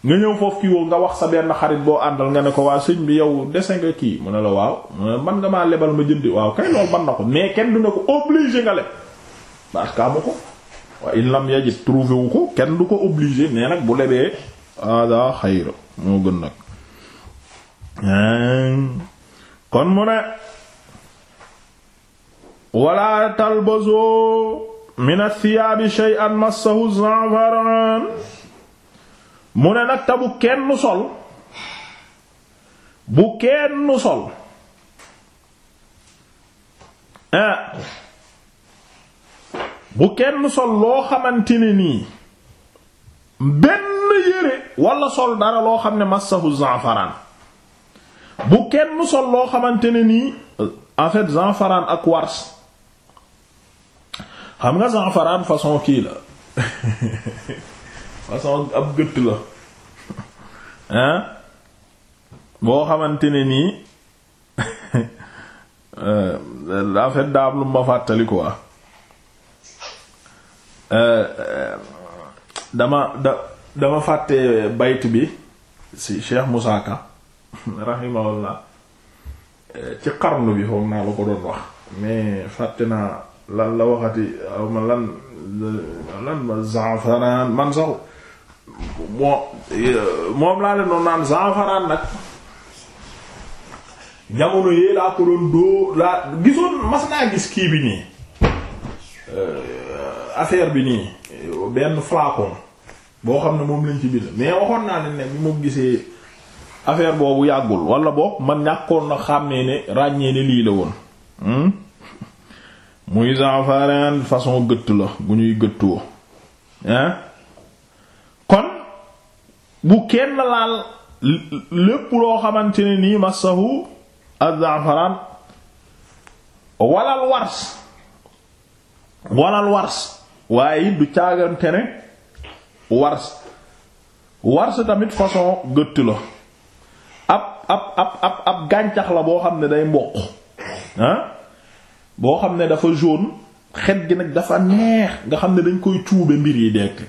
nga ñëw foofu kii nga wax sa benn xarit boo àndal nga ne ko waa sëñ bi yow dese nga kii mu ne la waaw mu man nga maa lebal ma jëndi waaw kay loolu man na ko mais kenn du ne ko obligé nga leb wa in lam yajid trouvé kenn du ko obligé mais nag bu lebee ada xayra moo gën nag kon mu ne wala talbaso min athiyaabi shay'an massahu za'faran mu ne nag kenn sol bu kenn sol ah bu kenn sol loo xamante ne nii benn yére wala sol dara loo xam ne massahu zanfaraan bu kenn sol loo xamante ne nii en fait zanfaraan ak wars xam nga zanfaraan façon kii la [laughs] façon ab gëtt la hein boo xamante ne nii [laughs] euh, en fait daam ma fàttali quoi Euh, euh, dama da dama fàtte bayt bi si Cheikh Moussa Ka [laughs] rahimahullah euh, ci xarnu bi foog naa la ko doon wax mais fàtte naa lan la waxati ma lan lan ma zanfaraan man sax moom laa leen doon naan zanfaraan nag jamono yee laa ko doon doo laa gisoon mas naa gis kii bi nii affaire bi nii benn flacon boo xam ne moom lañ ci bind mais waxoon naa ne ne bi ma gisee affaire boobu yàggul wala boog man ñàkkoon na xàmmee ne ràññee ne lii la woon hmm? muy zafaran façon gëtt la gu ñuy gëttoo hein kon bu kenn laal lépp loo xamante ni nii masahu az-zafaran walal wars walal wars waaye it du caagante ne wars wars tamit façon gëtt la ab ab ab ab ab gàncax la boo xam ne day mboq ah boo xam ne dafa jaune xet gi nag dafa neex nga xam ne dañ koy cuube mbir yi dekk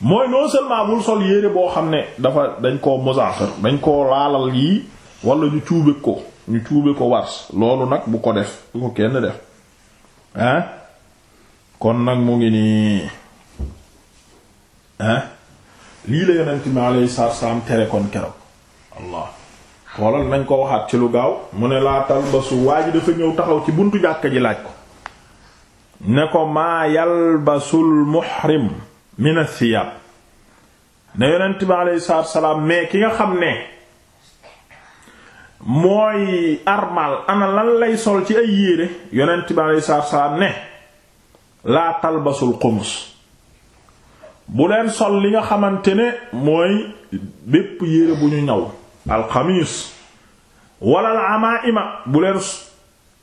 mooy non seulement bul sol yére boo xam ne dafa dañ koo mosaxar dañ koo laalal yi wala ñu cuube ko ñu cuube ko wars loolu nag bu ko def bu ko kenn def kon nag mu ngi nii hein lii la yonent mi alayhi salaatu salaam tere kon keroog xoolal nañ ko waxaat ci lu gaaw mu ne laa talbasu waa ji dafa ñëw taxaw ci buntu jàkka ji laaj ko ne ko maa yalbasul muhrim mina siyaab ne yonent bi alayhi salaam mais ki nga xam ne mooy armal ana lay sol ci ay yére yonent bi alayhi salaatu salaam ne laa talbasul xumus bu leen sol li nga xamante ne mooy bépp yére bu ñu ñaw alxamis wala al amaa'ima bu leen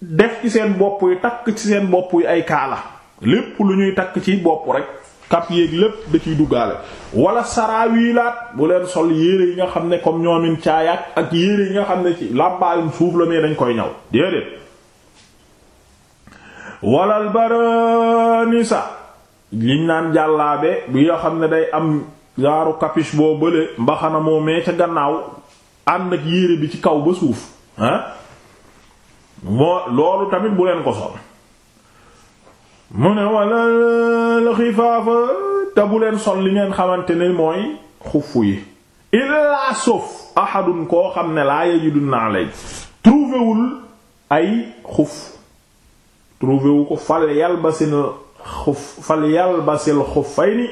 def ci seen bopp yi takk ci seen bopp yi ay kaala lépp lu ñuy takk ci bopp rek kap yéeg lépp da ciy duggaale wala saraawilaat bu leen sol yére yi nga xam ne comme ñoomin caayaat ak yére yi nga xam ne ci làmbaalum suuf la mais dañ koy ñaw déedéet walal baranisa liñ naan jàllaabe bi yoo xam ne day am jaaru capiche boo bële mbaxana moo mee ca gannaaw ànd ak bi ci kaw ba suuf ah moo loolu tamit bu leen ko sol mu ne walal xifaafa te bu leen sol li ngeen xamante ne mooy xufu yi illaa sauf ahadun koo xam ne laa yajidu na lay trouvéwul ay xuf trouvé wu ko fal yalbasil xuf fal yalbasil xuffayni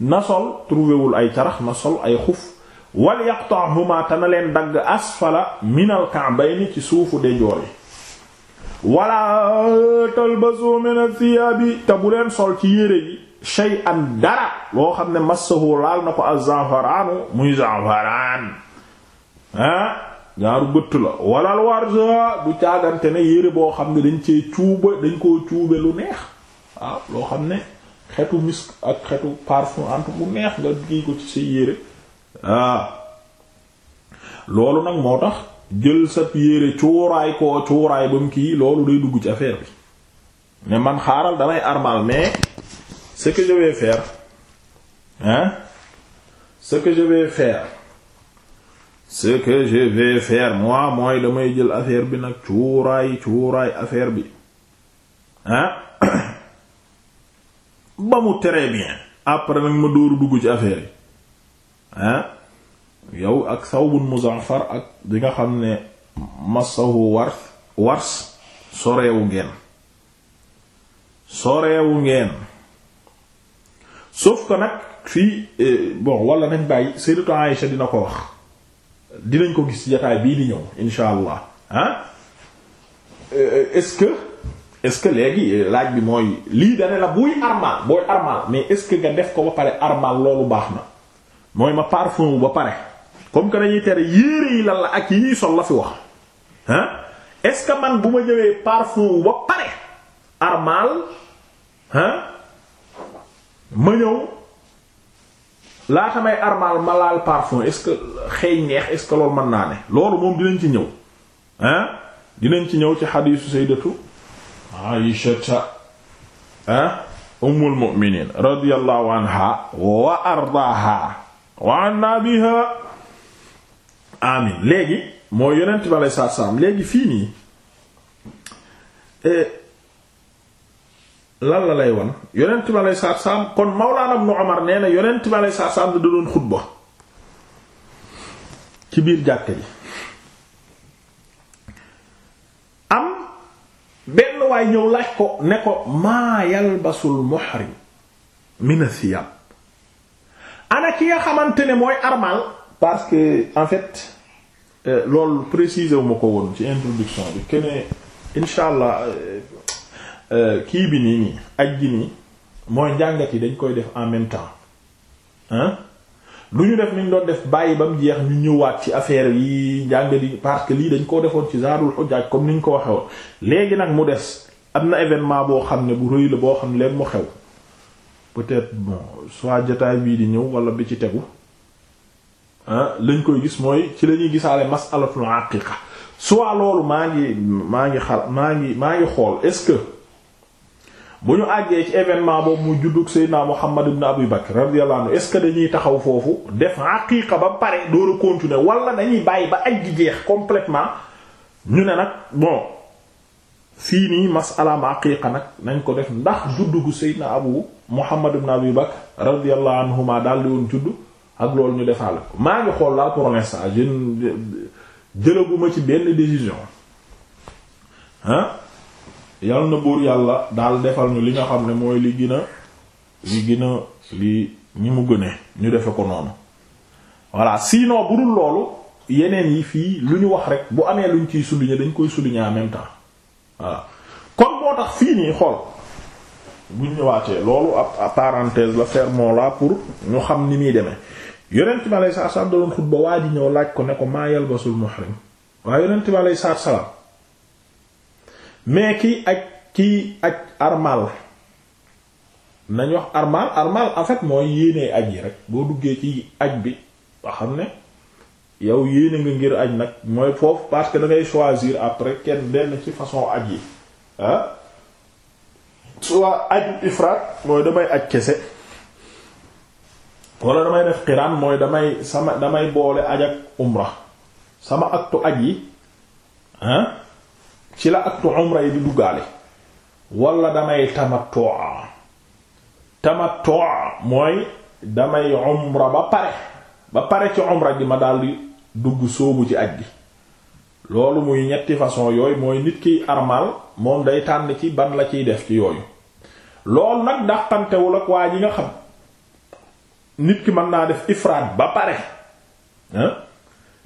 na sol trouvé wul ay carax na sol ay xuf wal yaqta'huma te na leen dagg asfala minal ka'bayni ci suufu dejoor yi wala talbasu min athiyabi te bu leen sol ci yére yi shay'an dara loo xam ne massahu laal na ko az-za'faranu muy za'faran ah ñaaru bëtt la walal warja du caagante ne yére boo xam ne dañ cee cuuba dañ koo cuube lu neex waaw loo xam ne xetu ak xetu parfum entre bu neex nga kii ko ci loolu nag moo tax jël sa yére cuuraay koo cuuraay ba kii loolu day dugg ci affaire bi mais man xaaral damay armal mais ce que je vais faire hein ce que je vais faire ce que je vais faire moi mooy damay jël affaire bi nag cuuraay cuuraay affaire bi ah [coughs] ba mu très bien après nag ma dóoru dugg ci affaire yi ah yow ak sawbun muzaffar ak di nga xam ne massahu wars wars soreewu ngeen soreewu ngeen sauf que nag fii eh, bon wala nañ bàyyi Sayyidatu Aïsha dina ko wax dinañ ko gis ci jotaay bii di ñëw insha allah ah euh, est léegi euh, laaj bi mooy lii dane la buy armal booy armal mais est-ce que nga def ko ba pare armal loolu baax na mooy ma parfum ba pare comme que dañuy tere yére yi lan la ak yi ñuy sol la fi wax ah est man bu ma ñëwee parfum ba pare armal ah ma ñëw laata may armal ma laal parfum est-ce neex est loolu mën naa ne loolu moom dinañ ci ñëw dinañ ci ñëw ci xadiisu sayyidatu Aysata hein ummul mu'minin radiyallahu anha wa ardaaha wa anna biha amin léegi moo yonent bi alayhi salaam léegi fii nii eh, lan la lay wan yonent bi aleyhi salaatu salaam kon Mawlaana Ibnu Umar nee na yonent bi aleyhi salaatu salaam da doon xutba ci biir jàkka ji am benn waay ñëw laaj ko ne ko maa yalbasul muhrim mina siyam ana ki nga xamante ne mooy armal parce que en fait euh, loolu préciser wu ko woon ci introduction bi kene incha allah euh, Euh, kii bi nii nii aj gi mooy njàngat yi dañ koy def en même temps hein lu ñu def ni ñu doon def bàyyi ba mu jeex ñu ñëwaat ci affaire yi njàngat yi parce que lii dañ koo defoon ci zaadul xujaaj comme ni ñu ko waxee woon léegi nag mu des am na événement boo xam ne bu rëy la boo xam ne leen mu xew peut-être bon soit jotaay bii di ñëw wala bi ci tegu ah lañ koy gis mooy ci lañuy ñuy gisaale masalatul aqiqa soit loolu maa ngi maa ngi xal maa ngi maa ngi xool est-ce que bu ñu àggee ci événement boobu mu juddug na Muhammad ibn Abi Bakr radiyallahu anhu est-ce que dañuy taxaw foofu def aqiqa ba pare door a continuer wala dañuy bàyyi ba aj gi jeex complètement ñu ne nag bon fii nii masalaam aqiqa nag nañ ko def ndax juddugu Seydina Abu Muhammad ibn Abi Bakr radiyallahu anhuma daal di woon juddu ak loolu ñu defaal maa ngi xool laa pour l'instant jën jëlaguma ci benn décision yal na buur yàlla daal defal ñu li nga xam ne mooy li gën a li gën li ñi mu gëne ñu defe ko noonu voilà sinon bu dul loolu yeneen yi fii lu ñu wax rek bu amee luñ ciy souligner dañ koy souligner en même temps voilà kon moo tax fii nii xool buñ ñëwaatee loolu ab parenthèse la fermons là pour ñu xam ni muy demee yonent bi aleyhi salaatu salaam da doon xutba waa ji ñëw laaj ko ne ko maa yalbasul muhrim waaye yonent bi aleyhi salaatu salaam mais kii ak kii ak armal nañ wax armal armal en fait mooy yéenee aj yi rek boo duggee ci aj bi ba xam ne yow yéene nga ngir aj nag mooy foofu parce que da choisir après kenn benn ci façon aj yi ah soit aj ifraat mooy damay aj kese wala damay def xiraan mooy damay sama damay boole aj ak umra sama attu aj yi ah? ci la aktu umra yi di duggaale wala damay tamattu tamattu mooy damay umra ba pare ba pare ci umra ji ma daldi dugg sóobu ci aj gi loolu muy ñetti façon yooyu mooy nit kiy armal moom day tànn ci ban la ciy def ci yooyu loolu nag dàqantewul ak waa ji nga xam nit ki mën naa def ifraad ba pare hein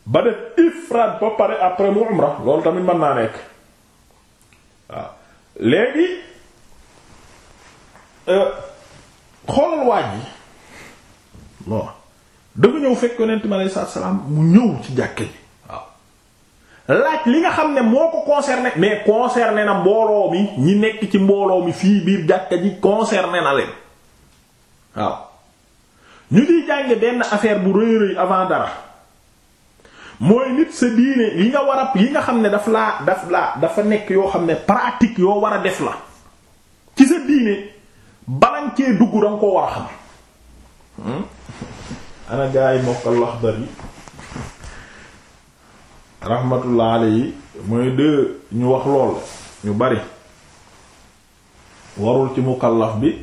ba def ifraad ba pare après mu umra loolu tamit mën naa nekk waaw léegi euh, xoolal waaj yi dafa ñëw fekk yonent mi aleyhi salaatu salaam mu ñëw ci jàkke ji waaw laaj li nga xam ne moo ko concerné mais concerné na mbooloo mi ñi nekk ci mbooloo mi fii biir jàkka ji concerné na leen waaw ñu di jànge benn affaire bu rëy rëy avant dara mooy nit sa diine yi nga war a yi nga xam ne daf laa daf laa dafa nekk yoo xam ne pratique yoo war a def la ci sa diine balan dugg danga koo a xam hmm? [laughs] ana gaay mokkal laxdar yi rahmatullah mooy de ñu wax lool ñu bari warul ci mukallaf bi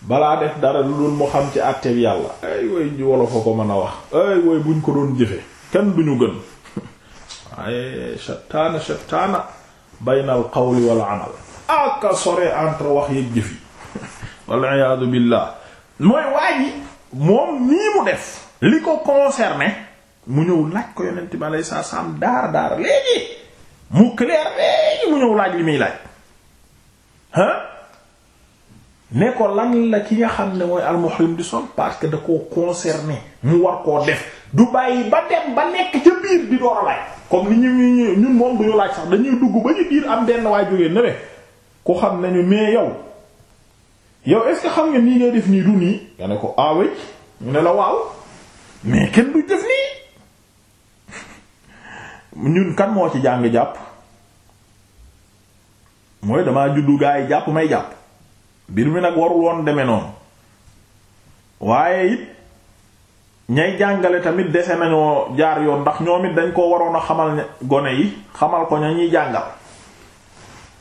[laughs] balaa def dara lu dul mu xam ci àtte bi yàlla ay woy ñu wolofa ko mën a wax ay woy buñ ko doon jëfe kenn duñu gën waaye shataana shataana baynal qawli wal amal aka sore entre wax yëg jëf wal iyaadu billah mooy waaji moom nii mu def li ko concerné mu ñëw laaj ko yonent bi alay saam daar daar léegi mu clair léegi mu ñëw laaj li muy laaj hein ne ko lan la ki nga xam ne mooy almuhrim di sol parce que da koo concerné mu war koo def du bàyyi ba dem ba nekk ca biir di door a laaj comme ni ñu ñun moom duñu laaj sax dañuy dugg ba ñu biir am benn waay jógee xam nañu mais yow yow est ce que nii du nii nga ko aawee ah ñu ne la waaw mais kenn du def nii ñun kan moo ci jàng jàpp mooy damaa juddu gaa yi jàpp may jàpp mbir mi nag warul woon demee noonu waaye it ñay jàngale tamit dese nañoo jaar yoon ndax ñoom it dañ ko waroon a xamal gone yi xamal ko ña ñuy jàngal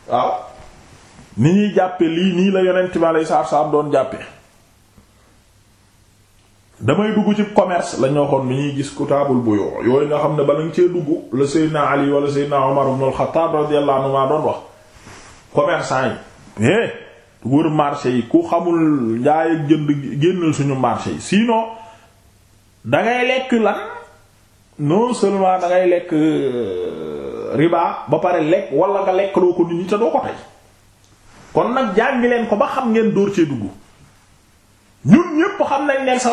waaw ni ñuy jàppe lii nii la yonent bi aleyhi salaatu salaam doon jàppe damay dugg ci commerce lañu waxoon bi ñuy gis ku kutaabul buyuu yooyu nga xam ne bala nga cee dugg la Seydina Ali wala Seydina Omar ibn al-Khattab radiyallahu anhu maa doon wax commerçant yi é eh, wër marché yi ku xamul njaay jënd génnal suñu marché yi sinon dangay lekk lan non seulement dangay lekk euh, riba ba pare lekk wala nga lekk loo ko nit ñi te doo ko tey kon nag jàngi leen ko ba xam ngeen dóor cee dugg ñun ñépp xam nañ ne sa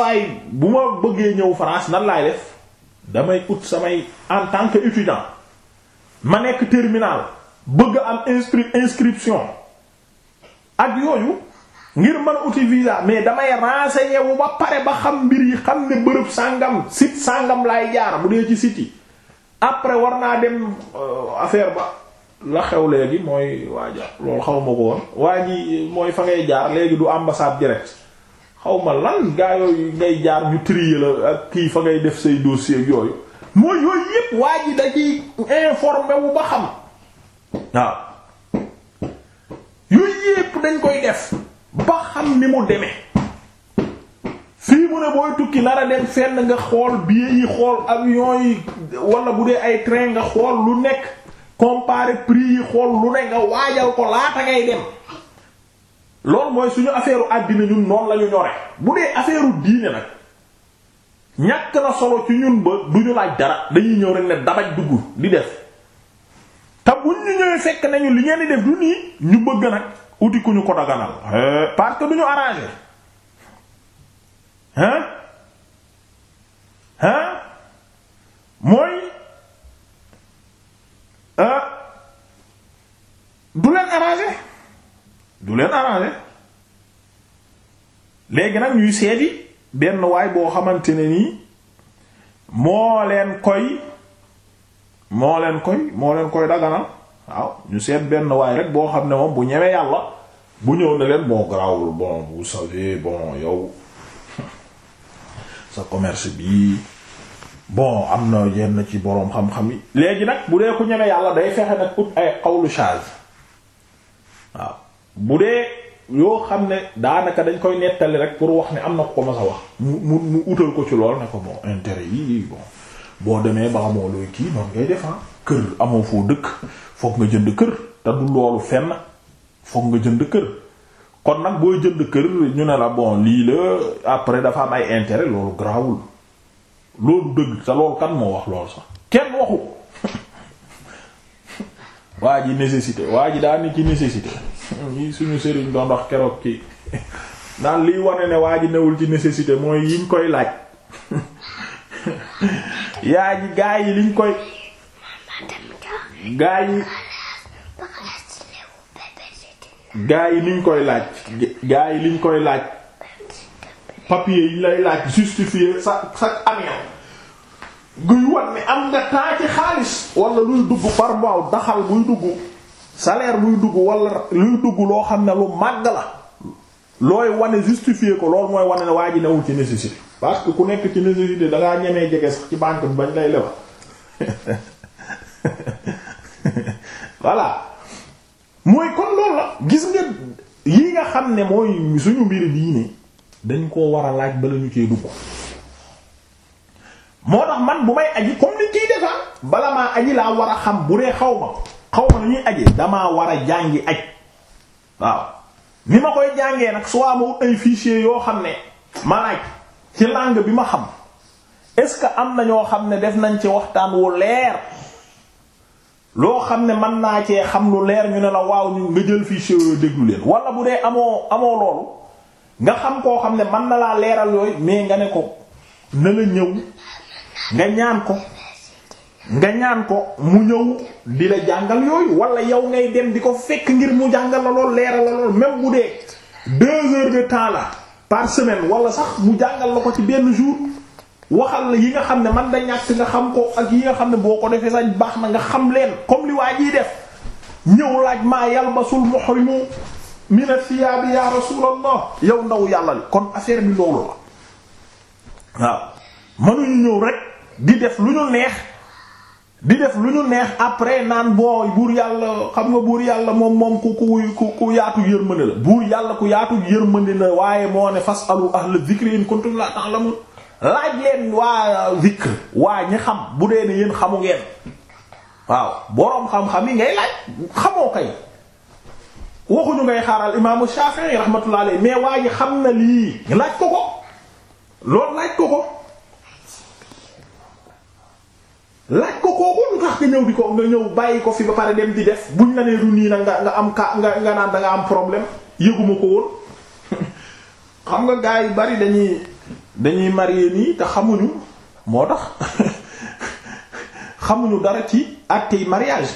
bu ma bëggee ñëw France nan laay def damay ut samay en tant que étudiant ma nekk terminal bëgg am inscri inscription ak yooyu ngir man uti visa mais damay renseigné wu ba pare ba xam mbir yi xam ne bërëb sàngam site sàngam laay jaar bu dee ci site après war naa dem euh, affaire ba la xew léegi mooy waaja loolu xaw ma ko woon waa ji mooy fa ngay jaar léegi du ambassade direct xaw ma lan gaa yooyu ngay jaar ñu trier la ak kii fa ngay def say dossier yooyu mooy yooyu yépp waa ji da ciy informé wu ba xam waaw yooyu yépp dañ koy def ba xam ni mu deme fii mu ne booy tukki nar a dem fenn nga xool billet yi xool avion yi wala bu dee ay train nga xool lu nekk comparer prix yi xool lu ne nga waajal ko laata ngay dem loolu mooy suñu affaire àddina ñun noonu la ñu ñore bu dee affaire diine nag ñàkk na solo ci ñun ba du ñu laaj dara dañuy ñëw rek ne dabaj dugg di def te buñ ñu ñëwee fekk nañu li ngeen di def du nii ñu bëgg nag. uti ku ko daganal eh. parce que du ñu arrangé hein hein mooy euh, du leen arrangé du leen arrangé léegi nag ñuy seeti benn waay boo xamante ne nii moo leen koy moo leen koy moo leen koy daganal waaw ñu seet benn waay rek boo xam ne moom bu ñemee yàlla bu ñëw ne leen moo garaawul bon vous savez bon yow [laughs] sa commerce bi bon am na yenn ci boroom xam-xam yi léegi nag bu dee ku ñeme yàlla day fexe nag ut ay xawlu charge waaw bu dee yoo xam ne daanaka dañ koy nettali rek pour wax ne am na ko ko mas a wax mu mu utal ko ci lool ne ko bon intérêt yi bon boo demee ba amoo looy kii noonu ngay defar ah, kër amoo foo dëkk foog nga jënd kër te du loolu fenn foog nga jënd kër kon nag booy jënd kër ñu ne la bon lii la après dafa am ay intérêt loolu garaawul loolu dëgg te loolu kan moo wax loolu sax kenn waxu [laughs] waa ji nécessité waa ji daal ni ci nécessité ñi suñu sëriñ doon wax keroog ki [laughs] naan liy wane ne waa ji newul ci nécessité mooy yiñ koy laaj [laughs] yaa ji gaa yi liñ koy gaa yi gaa yi liñ koy laaj gaa yi liñ koy laaj papier yi lay laaj justifier sa sa amion guy wan ne am nga taa ci xaalis wala luy dugg par mois daxal buy dugg salaire buy dugg wala luy dugg loo xam ne lu màgg la looy wane justifier ko loolu mooy wane ne waa ji newul ci nécessité parce que ku nekk ci nécessité dangaa ñemee jege sax ci banque bi bañ lay lewa [laughs] voilà mooy kon loolu la gis nga yi nga xam ne mooy suñu mbiri diine dañ koo war a laaj bala ñu cee dugg moo tax man bu may aji comme ni ciy defar ah, bala maa aji laa war a xam bu dee xaw ma xaw ma lu ñuy aji damaa war a jàngi aj waaw ni ma koy jàngee nag soit ma wut ay fichier yoo xam ne ma laaj ci langue bi ma xam est-ce que am na ñoo xam ne def nañ ci waxtaan wu leer loo xam ne man naa cee xam lu leer ñu ne la waaw ñu nga jël fichier yooyu déglu leen wala bu dee amoo amoo loolu nga xam koo xam ne man na laa leeral yooyu mais nga ne ko na la ñëw nga ñaan ko nga ñaan ko mu ñëw di la jàngal yooyu wala yow ngay dem di ko fekk ngir mu jàngal la lool leeral la lool même bu dee deux heures de temps la par semaine wala sax mu jàngal la ko ci benn jour waxal la yi nga xam ne man da ñàkk nga xam ko ak yi nga xam ne boo ko defee sax baax na nga xam leen comme li waa jiy def ñëw laaj maa yalbasul muhrimu mina thiyaabi ya rasulallah yow ndaw yàlla li kon affaire bi loolu la waaw mënuñu ñëw rek di def lu ñu neex di def lu ñu neex après naan booy buur yàlla xam nga buur yàlla moom moom ku ku ku yaatu yërmande la buur yàlla ku yaatu yërmande la waaye moo ne fasalu ahla dhikri in kuntum la ta'lamun laaj leen waa zikr waa ñi xam bu dee ne yéen xamu ngeen waaw boroom xam-xam yi ngay laaj xamoo kay waxuñu ngay xaaral imaamu Shafi'i rahmatullah alayhi mais waa ji xam na lii laaj ko ko loolu laaj ko ko laaj ko kooku lu tax nga ñëw di ko nga ñëw bàyyi ko fi ba pare dem di def buñ la nee du nii nag nga nga am ka nga naan da am problème yéguma ko woon [laughs] xam nga gaa yu bari dañuy. dañuy marié nii te xamuñu moo tax xamuñu dara ci àttey mariage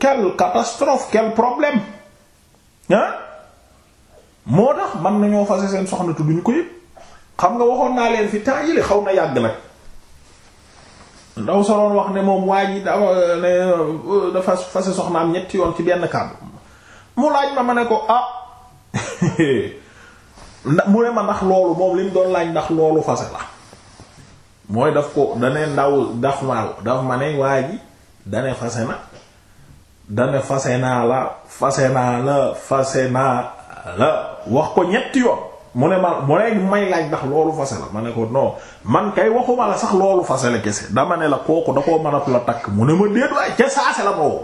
quelle catastrophe quel problème ah moo tax mën nañoo fase seen soxna te duñu ko yëpp xam nga waxoon naa leen fi temps xaw na yàgg nag ndaw sa wax ne moom waa ji da ne dafa fase soxnaam ñetti yoon ci benn kàddu mu laaj ma ma ne ko ah [laughs] ndax mu ne ma ndax loolu moom li mu doon laaj ndax loolu fase la mooy daf ko dane ndaw daf ma daf ma ne waa ji dane fase na dane fase naa la fase naa la fase naa wax ko ñetti yoon mu ne ma mu ne may laaj ndax loolu fase la ma ne ko non man kay waxuma la sax loolu fase la kese dama ne la kooku da koo mënatu la takk mu ne ma déet waaye ca la ma woo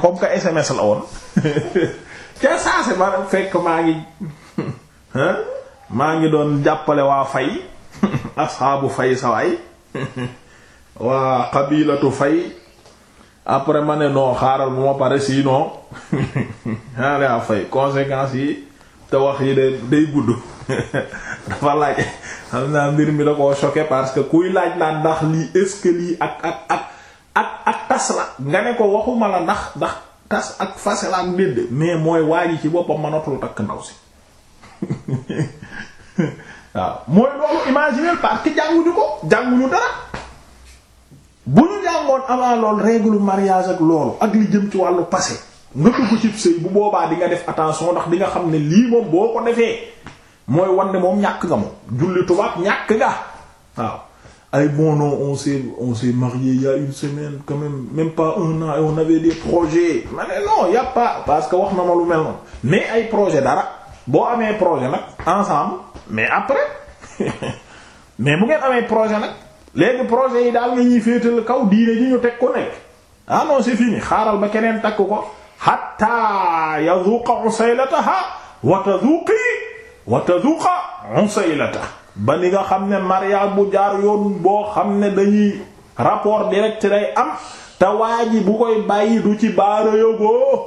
comme que SMS la woon [laughs] ca saase ma fekk maa ngi maa ngi doon jàppale waa fay [laughs] asxaabu fay sawaay [laughs] waa xabilatu fay après ma ne noo xaaral bu ma pare sinon [laughs] aa laa fay conséquences yi te wax yi day day gudd dafa laaj xam naa mbir mi da koo choqué parce que kuy laaj naan ndax lii est-ce ak ak ak ak ak tas la nga ne ko waxuma la ndax ndax tas ak fase la ak dédd mais mooy waa ji ci boppam mënatul takk ndaw si [laughs] waaw mooy loolu imaginer parce que jànguñu ko jànguñu dara bu ñu jàngoon avant loolu règle mariage ak loolu ak li jëm ci wàllu passé nga dugg ci sëy bu boobaa di nga def attention ndax di nga xam ne lii moom boo ko defee mooy wan ne moom ñàkk nga moom julli tubaab ñàkk nga waaw ay bon non on s'est on s'est marié il une semaine quand même même pas un an on avait des ma ne non y a parce que wax na ma lu mel noonu mais ay projet dara boo amee projet nag ensemble mais après [laughs] mais bu ngeen amee projet nag léegi projet yi daal nga ñuy féetal kaw diine ji ñu teg ko nekk ah fini xaaral ba keneen takk ko hatta yazuqa usaylataha wa tazuqi wa tazuqa usaylata ba ni nga xam ne mariage bu jaar yoon boo xam ne dañuy rapport direct day am te waa bu koy bàyyi du ci baara yogoo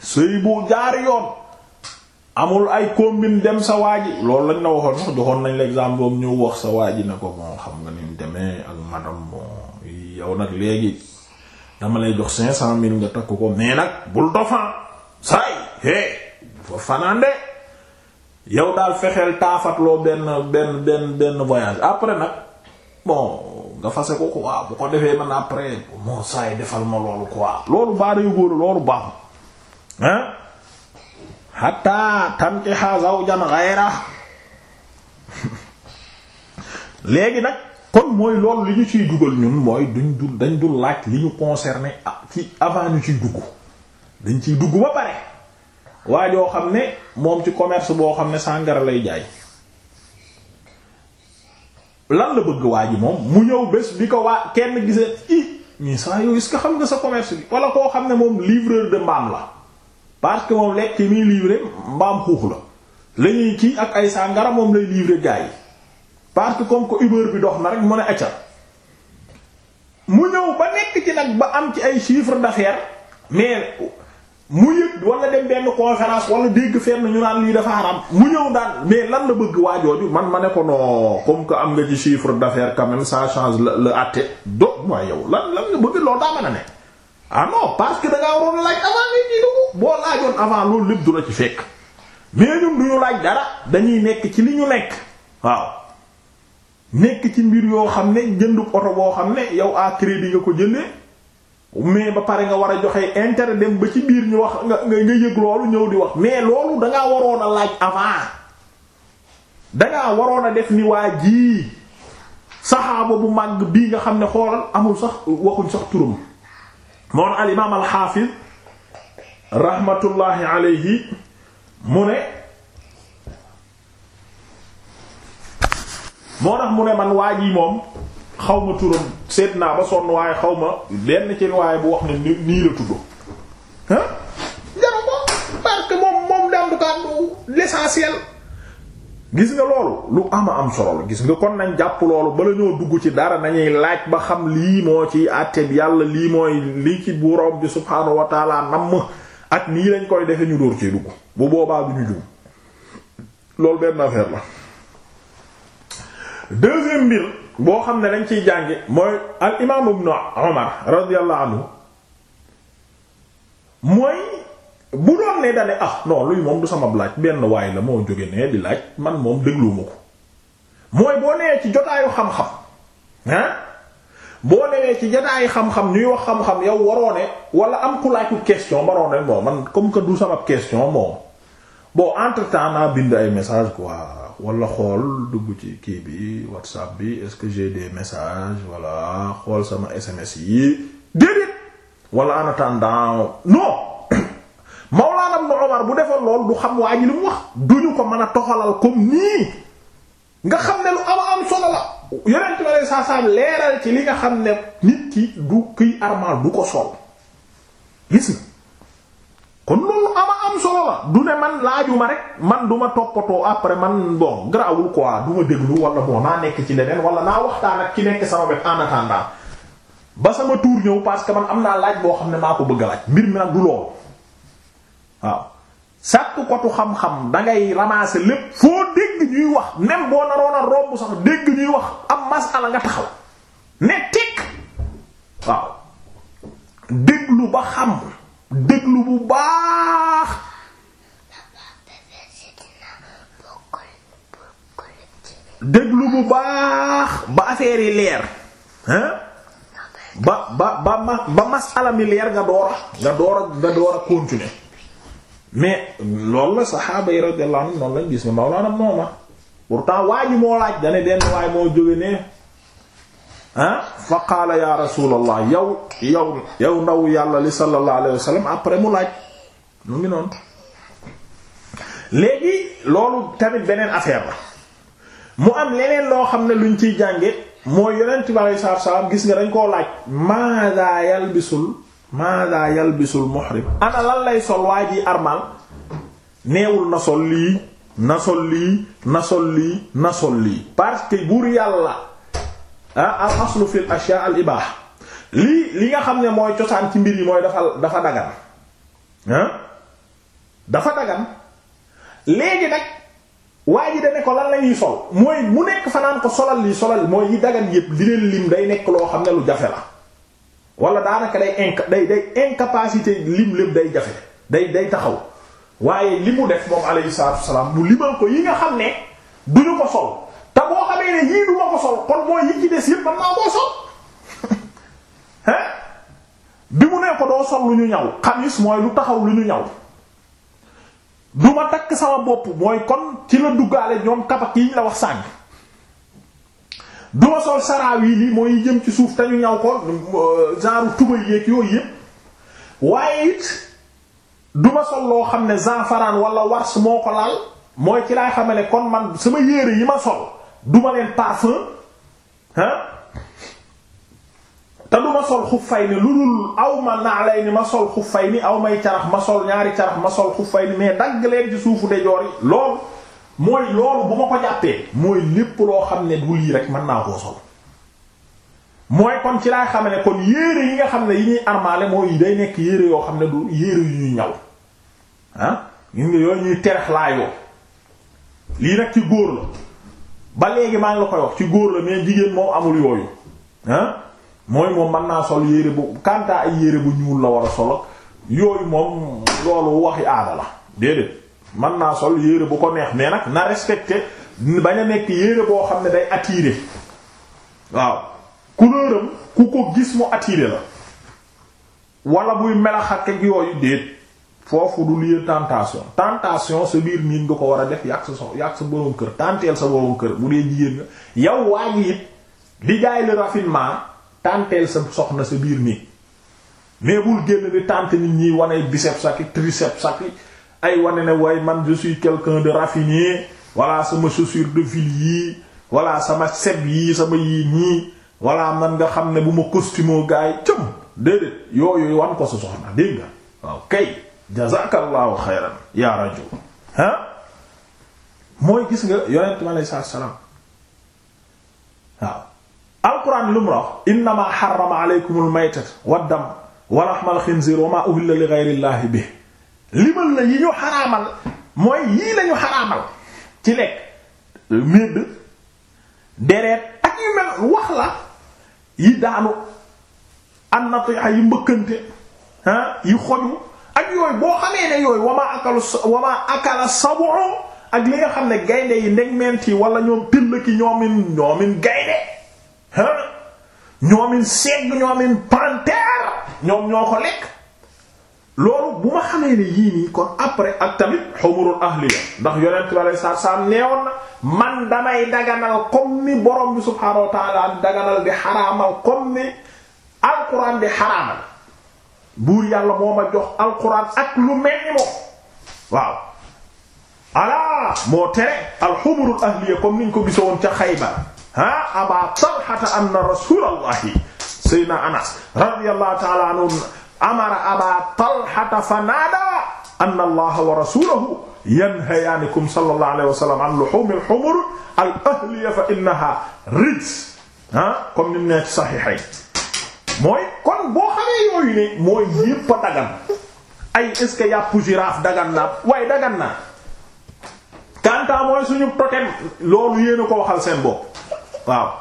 sëy bu jaar yoon amul ay combine dem sa waaji loolu lañ la waxoon sax joxoon nañ la exemple boobu ñu wax sa waaji ne ko bon xam nga ni demee ak madame bon yow nag léegi dama lay jox cinq cent mille nga takk ko mais nag bul dofan saay hey fa fanaande yow daal fexeel taafatloo benn benn benn benn voyage après nag bon nga fase ko quoi bu ko defee man après moo saay defal ma loolu quoi loolu baara yu góor loolu baaxul hein hatta tankiha zawjan ghayra léegi nag kon mooy lool li ñu ciy dugal ñun mooy duñ dul dañ du laaj li ñu a ci avant ñu ciy dugg dañ ciy dugg ba pare waaye yoo xam ne moom ci commerce boo xam ne sangara lay jaay lan la bëgg waa ji moom mu ñëw bés bi ko waa kenn gisee i mais saa yooyu est-ce xam nga sa commerce bi wala koo xam ne moom livreur de mbaam la parce que moom lekk yi muy mbaam xuux la la kii ak ay sàngara moom lay livrer gars yi parce que comme que Uber bi dox na rek mu ne mu ñëw ba nekk ci nag am ci ay chiffre d'affaires mais mu yëg wala dem benn conférence wala dégg fenn ñu naan lii dafa haram mu ñëw daal mais lan la bëgg waajooju man ma ne ko non comme que am nga ci chiffre d'affaires quand même ça change la la àtte do waaye yow lan lan nga bëgg loolu daa mën a ne ah non parce que da ngaa waroon laaj avant nit ñi dugg boo laajoon avant loolu lépp du la ci fekk mais ñun duñu laaj dara dañuy nekk ci li ñu nekk waaw nekk ci mbir yoo xam ne jëndu oto boo xam ne yow à crédit nga ko jëndee mais ba pare nga war a joxe intérêt dem ba ci biir ñu wax nga nga yëg loolu ñëw di wax mais loolu da waroon a laaj avant da waroon a def ni waa ji saxaaba bu màgg bi nga xam ne xoolal amul sax waxuñ sax turam. moon al imaam al xaafid raxmatullaahi alayhi mu ne moo tax mu ne man waa ji moom xaw ma turam seet naa ba sonn waaye xaw ma benn ci waaye bu wax ne nii la tudd ah. jaru ko parce moom moom dem du l'essentiel. gis nga loolu lu ama am solo gis nga kon nañ jàpp loolu bala ñoo dugg ci dara nañuy laaj ba xam lii moo ci àtte bi yàlla lii mooy lii ci boroom bi subhaanahu wa taala namm ak nii lañ koy defe ñu dóor ci dugg bu boobaa du ñu loolu benn affaire la deuxième mbir boo xam ne dañ ciy jànge mooy al imaam ibnu Umar radiyallahu anhu mooy bu doon ne dane ah non luy moom du sama laaj benn waay la moo jóge ne di laaj man moom dégluwuma ko mooy boo newee ci jotaayu xam-xam ah boo newee ci jotaayu xam-xam ñuy wax xam-xam yow waroo ne wala am ku laajul question baroo ne bon man comme que du sama question moom bon entre temps naa bind ay message quoi wala xool dugg ci kii bi whatsapp bi est-ce walla xool sama SMS yi déedéet wala en attendant non Mawlaana Ibn Umar bu defoon lool du xam waa ji li mu wax duñu ko mën a toxalal comme nii nga xam ne lu am am solo la yonent bi alayhi salaam leeral ci li nga xam ne nit ki du kiy armal du ko sol gis na kon loolu ama am solo la du ne man laajuma rek man du ma toppatoo après man bon garaawul quoi du ma déglu wala bon naa nekk ci leneen wala naa waxtaan ak ki nekk sama wet en attendant ba sama tour ñëw parce que man am naa laaj boo xam ne maa ko bëgg a laaj mbir waaw sàkkukatu xam-xam dangay ramasser lépp foo dégg ñuy wax même boo naroon a romb sax dégg ñuy wax am masala nga taxaw ne tekk waaw déglu ba xam déglu bu baax ba affaire yi leer hein ba ba ba ba masala mi leer nga doora nga doora nga doora continuer mais loolu la saxaaba yi radiyallahu anhum noonu lañ gis ne Mawlana Mooma pourtant waa ji moo laaj dane benn waay moo jóge ne ah fa qaala ya rasulallah yow yow yow ndaw yàlla li sallallahu alayhi wa après mu laaj mu ngi noonu léegi loolu tamit beneen affaire la mu am leneen loo xam ne luñ ciy jànge mooy yonent bi alayhi salaatu salaam gis nga dañ koo laaj maada yalbisul maada yalbisul muhrim ana lan lay sol waa ji armal neewul na sol lii na sol lii na sol lii na lii parce buur yàlla ah, al aslu fil ashya al ibaax lii li nga xam ne mooy cosaan ci mbir yi mooy dafa dafa dagan ah? dafa dagan léegi nag waa ji ko lan la ñuy sol mooy mu nekk fanaan ko solal lii solal mooy yi dagan yépp di leen lim day nekk loo xam ne lu jafe la wala daanaka day inc day day incapacité lim lépp day jafe day day taxaw waaye li mu def moom alayhi salaatu wasalaam mu limal ko yi nga xam ne du ñu ko sol te boo xamee ne yii du ma ko sol kon mooy yi ci des yëpp man maa koo sol [laughs] hein bi mu nee ko doo sol lu ñu ñaw xamis mooy lu taxaw lu ñu ñaw duma takk sama bopp mooy kon ci la duggaale ñoom kabak yi ñu la wax sànq. du ma sol saraawil yi mooy jëm ci suuf te ñu ñaw ko euh, genre tubal yeeg yooyu yëpp waaye it du ma sol loo xam ne zanfaraan walla wars moo ko laal mooy ci laay xamane ne kon man sama yére yi ma sol du ma leen parfum ah te du ma sol xuffay ni lu dul aw ma naalay ni ma sol fay ni aw may carax ma sol ñaari carax ma sol xuffay ni mais dagg leen ci suufu de joor yi loolu mooy loolu bu ma ko jàppee mooy lépp loo xam ne du lii rek mën naa koo sol mooy kon ci laay xam ne kon yére yi nga xam ne yi ñuy armaale mooy day nekk yére yoo xam ne du yére yu ñuy ñaw ah gis nga yooyu ñuy terex laayoo lii nag ci góor la ba léegi maa ngi la koy wax ci góor la mais jigéen moom amul yooyu ah mooy moom mën naa sol yére bu kantaa ay yére bu ñuul la war a sol ak yooyu moom loolu waxi aada la déedéet. mën naa sol yére bu ko neex mais nag na respecté bañ a nekk yére boo xam ne day attiré waaw couleur ku ko gis mu attiré la wala muy melaxak ak yooyu déet foofu du lieu tentation tentation sa biir nit nga ko war a def yàq sa so yàq sa borom kër tanteel sa borom kër bu dee jigéen nga yow waa ji it di jaay le tanteel sa soxna sa biir nit mais bul génn di tante nit ñi wane biceps ak triceps ak ay wane ne way man je suis quelqu'un de raffiné voilà sama chaussure de ville yii voilà sama seb yii sama yii nii voilà man nga xam ne bu ma costume gars yi déedéet yooyu wan ko sa soxna dégg waaw kay jazakallahu xayran ya rajul ah mooy gis nga yonent mi aleyhi salaatu wa lu mu wax innama harrama aleykumul maytata wad dam wa xinziir wa maa li ghayri llahi limal la yi ñu xaraamal mooy yii lañu xaraamal ci lekk médd deret ak yu mel wax la yi daanu annatiha yi mbëkkante ah yi xoju ak yooyu boo xamee ne yooyu wamaa akalu wamaa akala ak li nga xam ne gaynde yi ndegmeent yi wala ñoom pill ki ñoomin ñoomin gaynde ah ñoomin segg ñoomin panthère ñoom ñoo ko lekk loolu bu ma xamee ne yii nii kon après ak tamit xumurul ndax yonent bi salaam neewoon na man damay daganal comme ni borom bi subhaanahu daganal di xaraamal comme ni alquran xaraamal buur yàlla moo ma jox alquran ak lu mel ni moom waaw alaa moo tere alxumurul ahliya comme niñ ko gisoon ca Xaybar ah aba talhata anna rasulallahi amara aba talhata fa naada anna allaha wa rasulahu yanhayaanikum sallallahu alayhi wa sallam an luhum al humur al ahliya fa innaha rijs ah comme ni mu nekk saxiixay mooy kon boo xamee yooyu ne mooy yépp a dagan ay est-ce que yàppu giraaf dagan na waaye dagan na kanta mooy suñu totem loolu yéen a ko waxal seen bopp waaw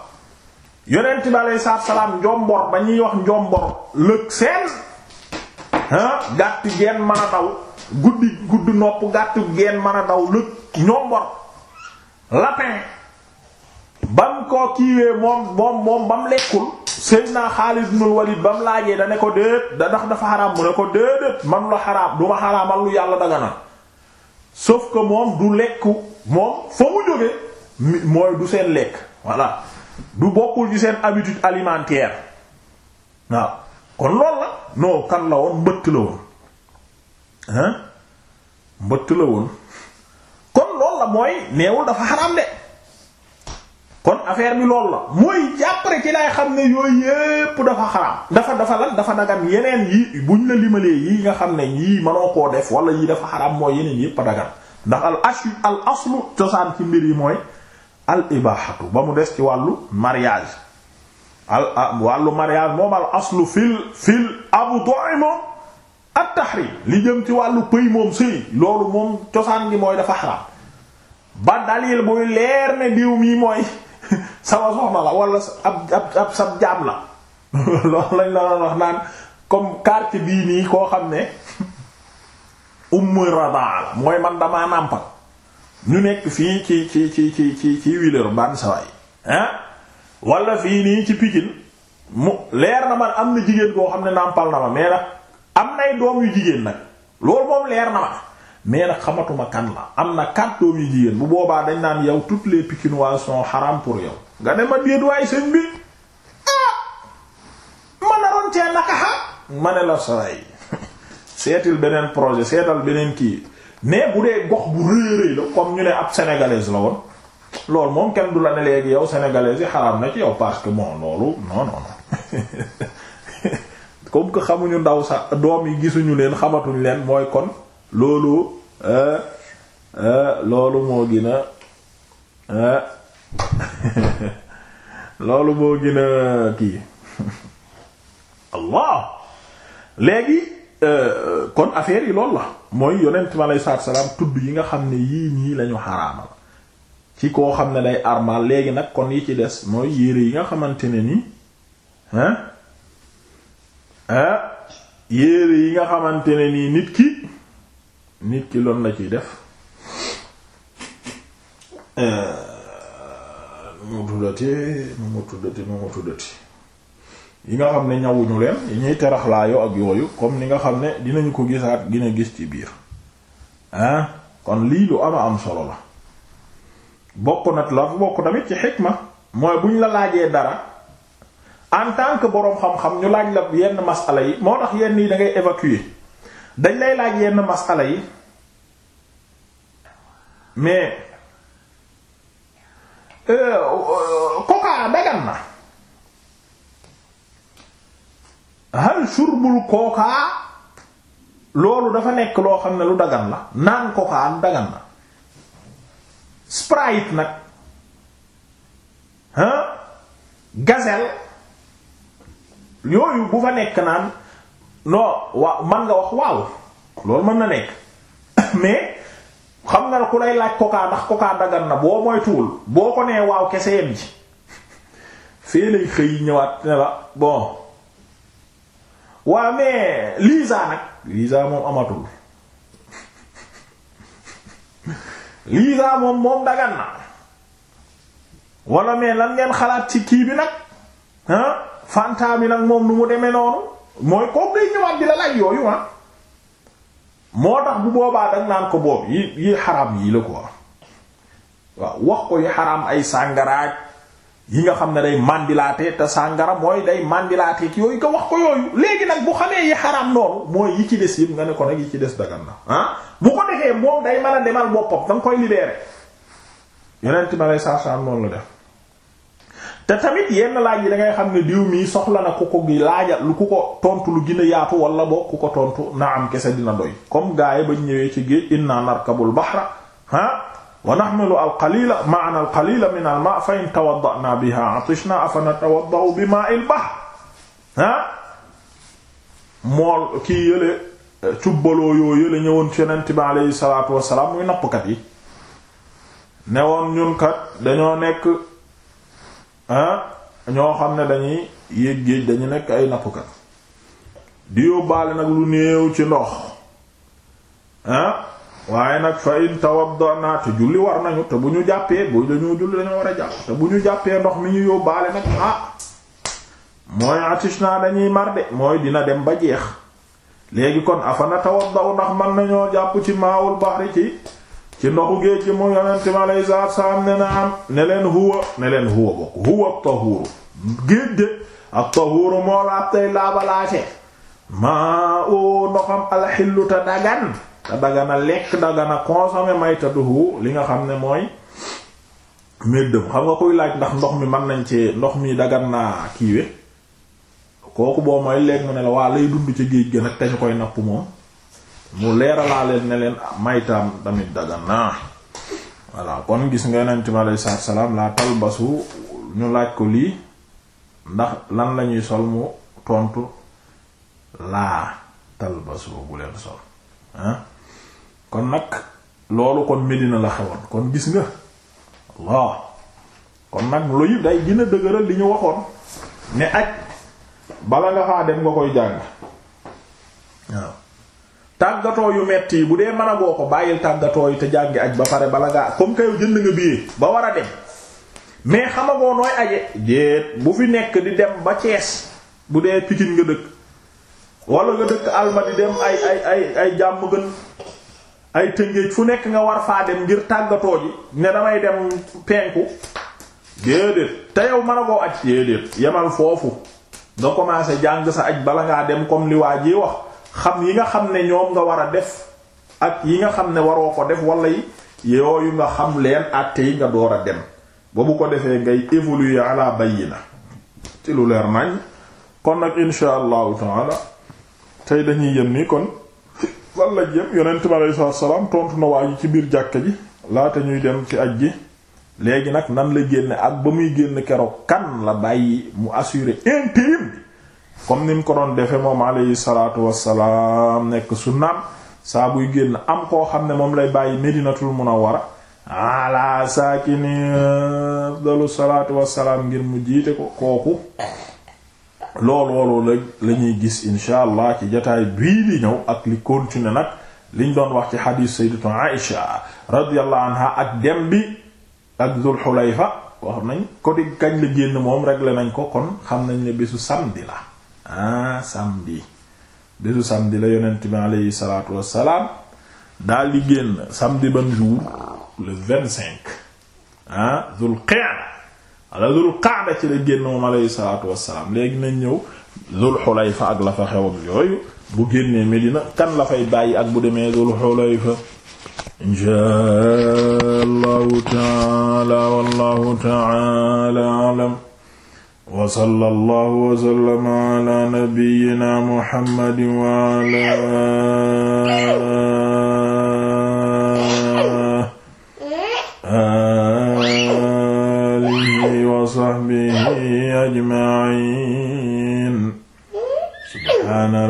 yonent bi alayhi salaam njomboor ba ñuy wax njomboor lëg seen gàtt geen mën a daw guddi guddi nopp gàtt geen mën a daw lëg ñombor lapin bam ko kiiwee moom moom moom bam lekkul Seydina Xaalid ibn Walid bam laajee da ko déet da dafa xaraam mu ne ko déedéet man la xaraam duma xaraamal lu yàlla daga na sauf que moom du lekk moom fa mu jóge mooy du seen lekk voilà du bokkul ci seen habitude alimentaire waaw kon lool la non kan la woon mbëtt la woon ah mbëtt la woon kon loolu la mooy neewul dafa xaraam de kon affaire bi loolu la mooy après ci lay xam ne yooyu yépp dafa xaraam dafa dafa dafa dagan yeneen yi buñ la limalee yi nga xam ne yii mënoo koo def wala yii dafa xaraam mooy yeneen yépp a dagan ndax al ashu aslu cosaan ci mbir yi mooy al ibaaxatu ba mu des ci wàllu mariage al wàllu mariage moom al aslu fil fil abdoy moom at tahrim li jëm ci wàllu pëy moom sëy loolu moom cosaan gi mooy dafa xaraam ba dalil buy leer ne diw mii mooy sama soxna la wala ab ab sab jaam la loolu lañ la doon wax naan comme carte bii nii koo xam ne ummu radaa la mooy man damaa nàmpal ñu nekk fii ci ci ci ci ci ci Villeurbanne saway hein wala fii nii ci Pikine mu leer na man am na jigéen koo xam ne nàmpal na ma mais nag am nay doom yu jigéen nag loolu moom leer na ma mais nag xamatuma kan la am na quatre doom yu jigéen bu boobaa dañ naan yow toutes les Pikinoises sont haram pour yow nga ne ma déet waay sëñ bi ah ma naroon cee [laughs] seetil beneen projet seetal beneen kii mais bu dee gox bu rëy rëy la comme ñu ne ab sénégalaise la woon loolu moom kenn du la ne léegi yow sénégalais yi xaraam na ci yow parce que bon loolu non non non [laughs] comme que xamuñu ndaw sa doom yi gisuñu leen xamatuñ leen mooy kon loolu euh, euh, loolu moo gën a euh, [laughs] loolu moo gën kii [laughs] allah léegi kon affaire yi loolu la mooy yonent mi aleyhi salaatu salaam tudd yi nga xam ne yii nii lañu xaraamal ci koo xam ne day armal léegi nag kon yi ci des mooy yére yi nga xamante ne nii hein hein ah, yére yi nga xamante ne nii nit ki nit ki loon na ciy def ah, nu mu tuddati nu mu tuddati nu mu tuddati yi nga xam ne ñawuñu leen yi ñuy teraxlaayoo ak yooyu comme ni nga xam ne dinañu ko gisaat gina gis ci biir ah kon lii lu ama am solo la bokk nag la bokk tamit ci xikma mooy bu ñu la laajee dara en tant que boroom xam-xam ñu laaj la yenn masala yi moo tax yenn yi da ngay évacuer dañ lay laaj yenn masala yi mais coca euh, dagan na hal surbul coca loolu dafa nekk loo xam ne lu dagan la naan coca dagan na sprite nag hein gazelle yooyu bu fa nekk naan non waaw man nga wax waaw loolu mën na nekk [coughs] mais xam nga ku lay laaj coca ndax coca dagan na boo moytuwul boo ko nee waaw kese yem ji [coughs] fee lay xëy ñëwaat ne la bon waaw mais Lisa nag Lisa moom amatul [laughs] lii daa moom moom dagan na wala mais lan ngeen xalaat ci kii bi nag ah fanta bi nag moom lu mu demee noonu mooy kooku day ñëwaat di la laaj yooyu ah moo tax bu boobaa dag naan ko boobu yi yi xaraam yii la quoi waaw wax ko yi xaraam ay sàngaraaj yi nga xam ne day mandilaate te sàngara mooy day mandilaate ki yooyu nga wax ko yooyu léegi nag bu xamee yi xaraam noonu mooy yi ci des yëpp nga ne ko nag yi ci des dagan na ah bu ko defee moom day mën a demal boppam da nga koy libérer yonent ma lay saasaan noonu la def te tamit yenn laaj yi dangay xam ne diw mii soxla na ku ko gi laaja lu ku ko tontu lu gën a yaatu wala boo ku ko tontu na am kese dina doy comme gaa yi bañ ñëwee ci géej inna narkabul bahra ah waa naxmilu alqalila maana alqalila min alma fa in tawadda'na biha atishna afa natawadda'u bi ma'il bahr ah mool kii yële cubbaloo yoo yële ñëwoon ci yonent bi aleyhi salaatu wasalaam muy nappkat yi ne woon ñun dañoo nekk ah ñoo xam ne dañuy yéeg géej dañu nekk ay nappkat di yóbbaale nag lu néew ci ndox ah waaye nag fa in tawaddana te julli war nañu te bu ñu jàppee bu dañoo julli war a jàpp bu ñu jàppee ndox mi ñu yóbbaale nag ah mooy atish naa dañuy mar de mooy dina dem ba jeex léegi kon afana tawaddaw ndax man nañoo jàpp ci maawul bahri ci ci ndoxu géej gi mu yonente mi aleyi salaatu salaam ne na am ne leen huwa ne leen huwa bokk huwa tahuuru géej de at-tahuuru moo laab tey laabalaate maa o ndoxam alxilluta dagan dagana lekk dagana consommer maytatuhu li nga xam ne mooy méddam xam nga koy laaj ndax ndox mi mën nañ ci ndox mi dagan naa kiiwe kooku boo mooy lekk mu ne la waa lay dund ci géej gi nag te ñu koy napp moom mu leeralaa leen ne leen ah, maytaam tamit dagan naa voilà kon gis nga yonent mi alayhi salaatu salaam laa talbasu ñu laaj ko lii ndax lan lañuy sol mu tontu laa talbasu bu leen sol ah. kon nag loolu kon Medina la xewoon kon gis nga waaw kon nag loolu day gën a dëgëral li ñu waxoon ne aj bala nga faa dem nga koy jàng waaw tàggatoo yu metti yi bu dee mën ko bàyyil tàggatoo yi te jàngi aj ba pare bala ngaa comme que yow jënd nga billet ba war a dem mais xamagoo nooy aje déet bu fi nekk di dem ba Cees bu dee Pikine nga dëkk wala nga dëkk Almadies di dem ay ay ay ay jàmm gën ay tëngéej fu nekk nga war faa dem ngir tàggatoo ji ne damay dem penku déedéet te yow mën a koo aj déedéet yemal foofu nga commencé jàng sa aj bala ngaa dem comme li waa ji wax xam yi nga xam ne ñoom nga war a def ak yi nga xam ne waroo ko def walla yi yooyu nga xam leen àtte yi nga door a dem ba bu ko defee ngay évoluer ala bayyina ci lu leer nañ kon nag insha allahu taala tey dañuy yem ni kon lan la jëm yonent bi alayhi salaam tontu na waa ci biir jàkka ji laata ñuy dem ci aj ji léegi nag nan la génne ak ba muy génn keroog kan la bàyyi mu assuré intime comme ni mu ko doon defee moom alayhi salaatu wassalaam nekk su sunnaam saa buy génn am koo xam ne moom lay bàyyi Medinatul Munawwara ala saakini afdalu salaatu wassalaam ngir mu jiite ko kooku lool loolu la ñuy gis insha allah ci jataay bii di ñëw ak li continuer nag liñ doon wax ci xadiis sayyidatu Aïsha radiyallahu anha ak dem bi ak Zul Xulayfa wax nañ ko di kañ la génn moom réglé nañ ko kon xam nañ ne bésu samedi la ah samedi bésu samedi la yonent bi aleyhi salaatu wassalaam daal di génn samedi ban jour le vingt cinq ah Zul Qa'da ala Zul Qaada ci la génn moom alayhi salaatu wassalaam léegi nañ ñëw Zul Xulayfa ak la fa xew ak yooyu bu génnee Medina kan la fay bàyyi ak bu demee Zul Xulayfa inshaa Allahu taala wallahu taala alam wa sallallahu wa sallama ala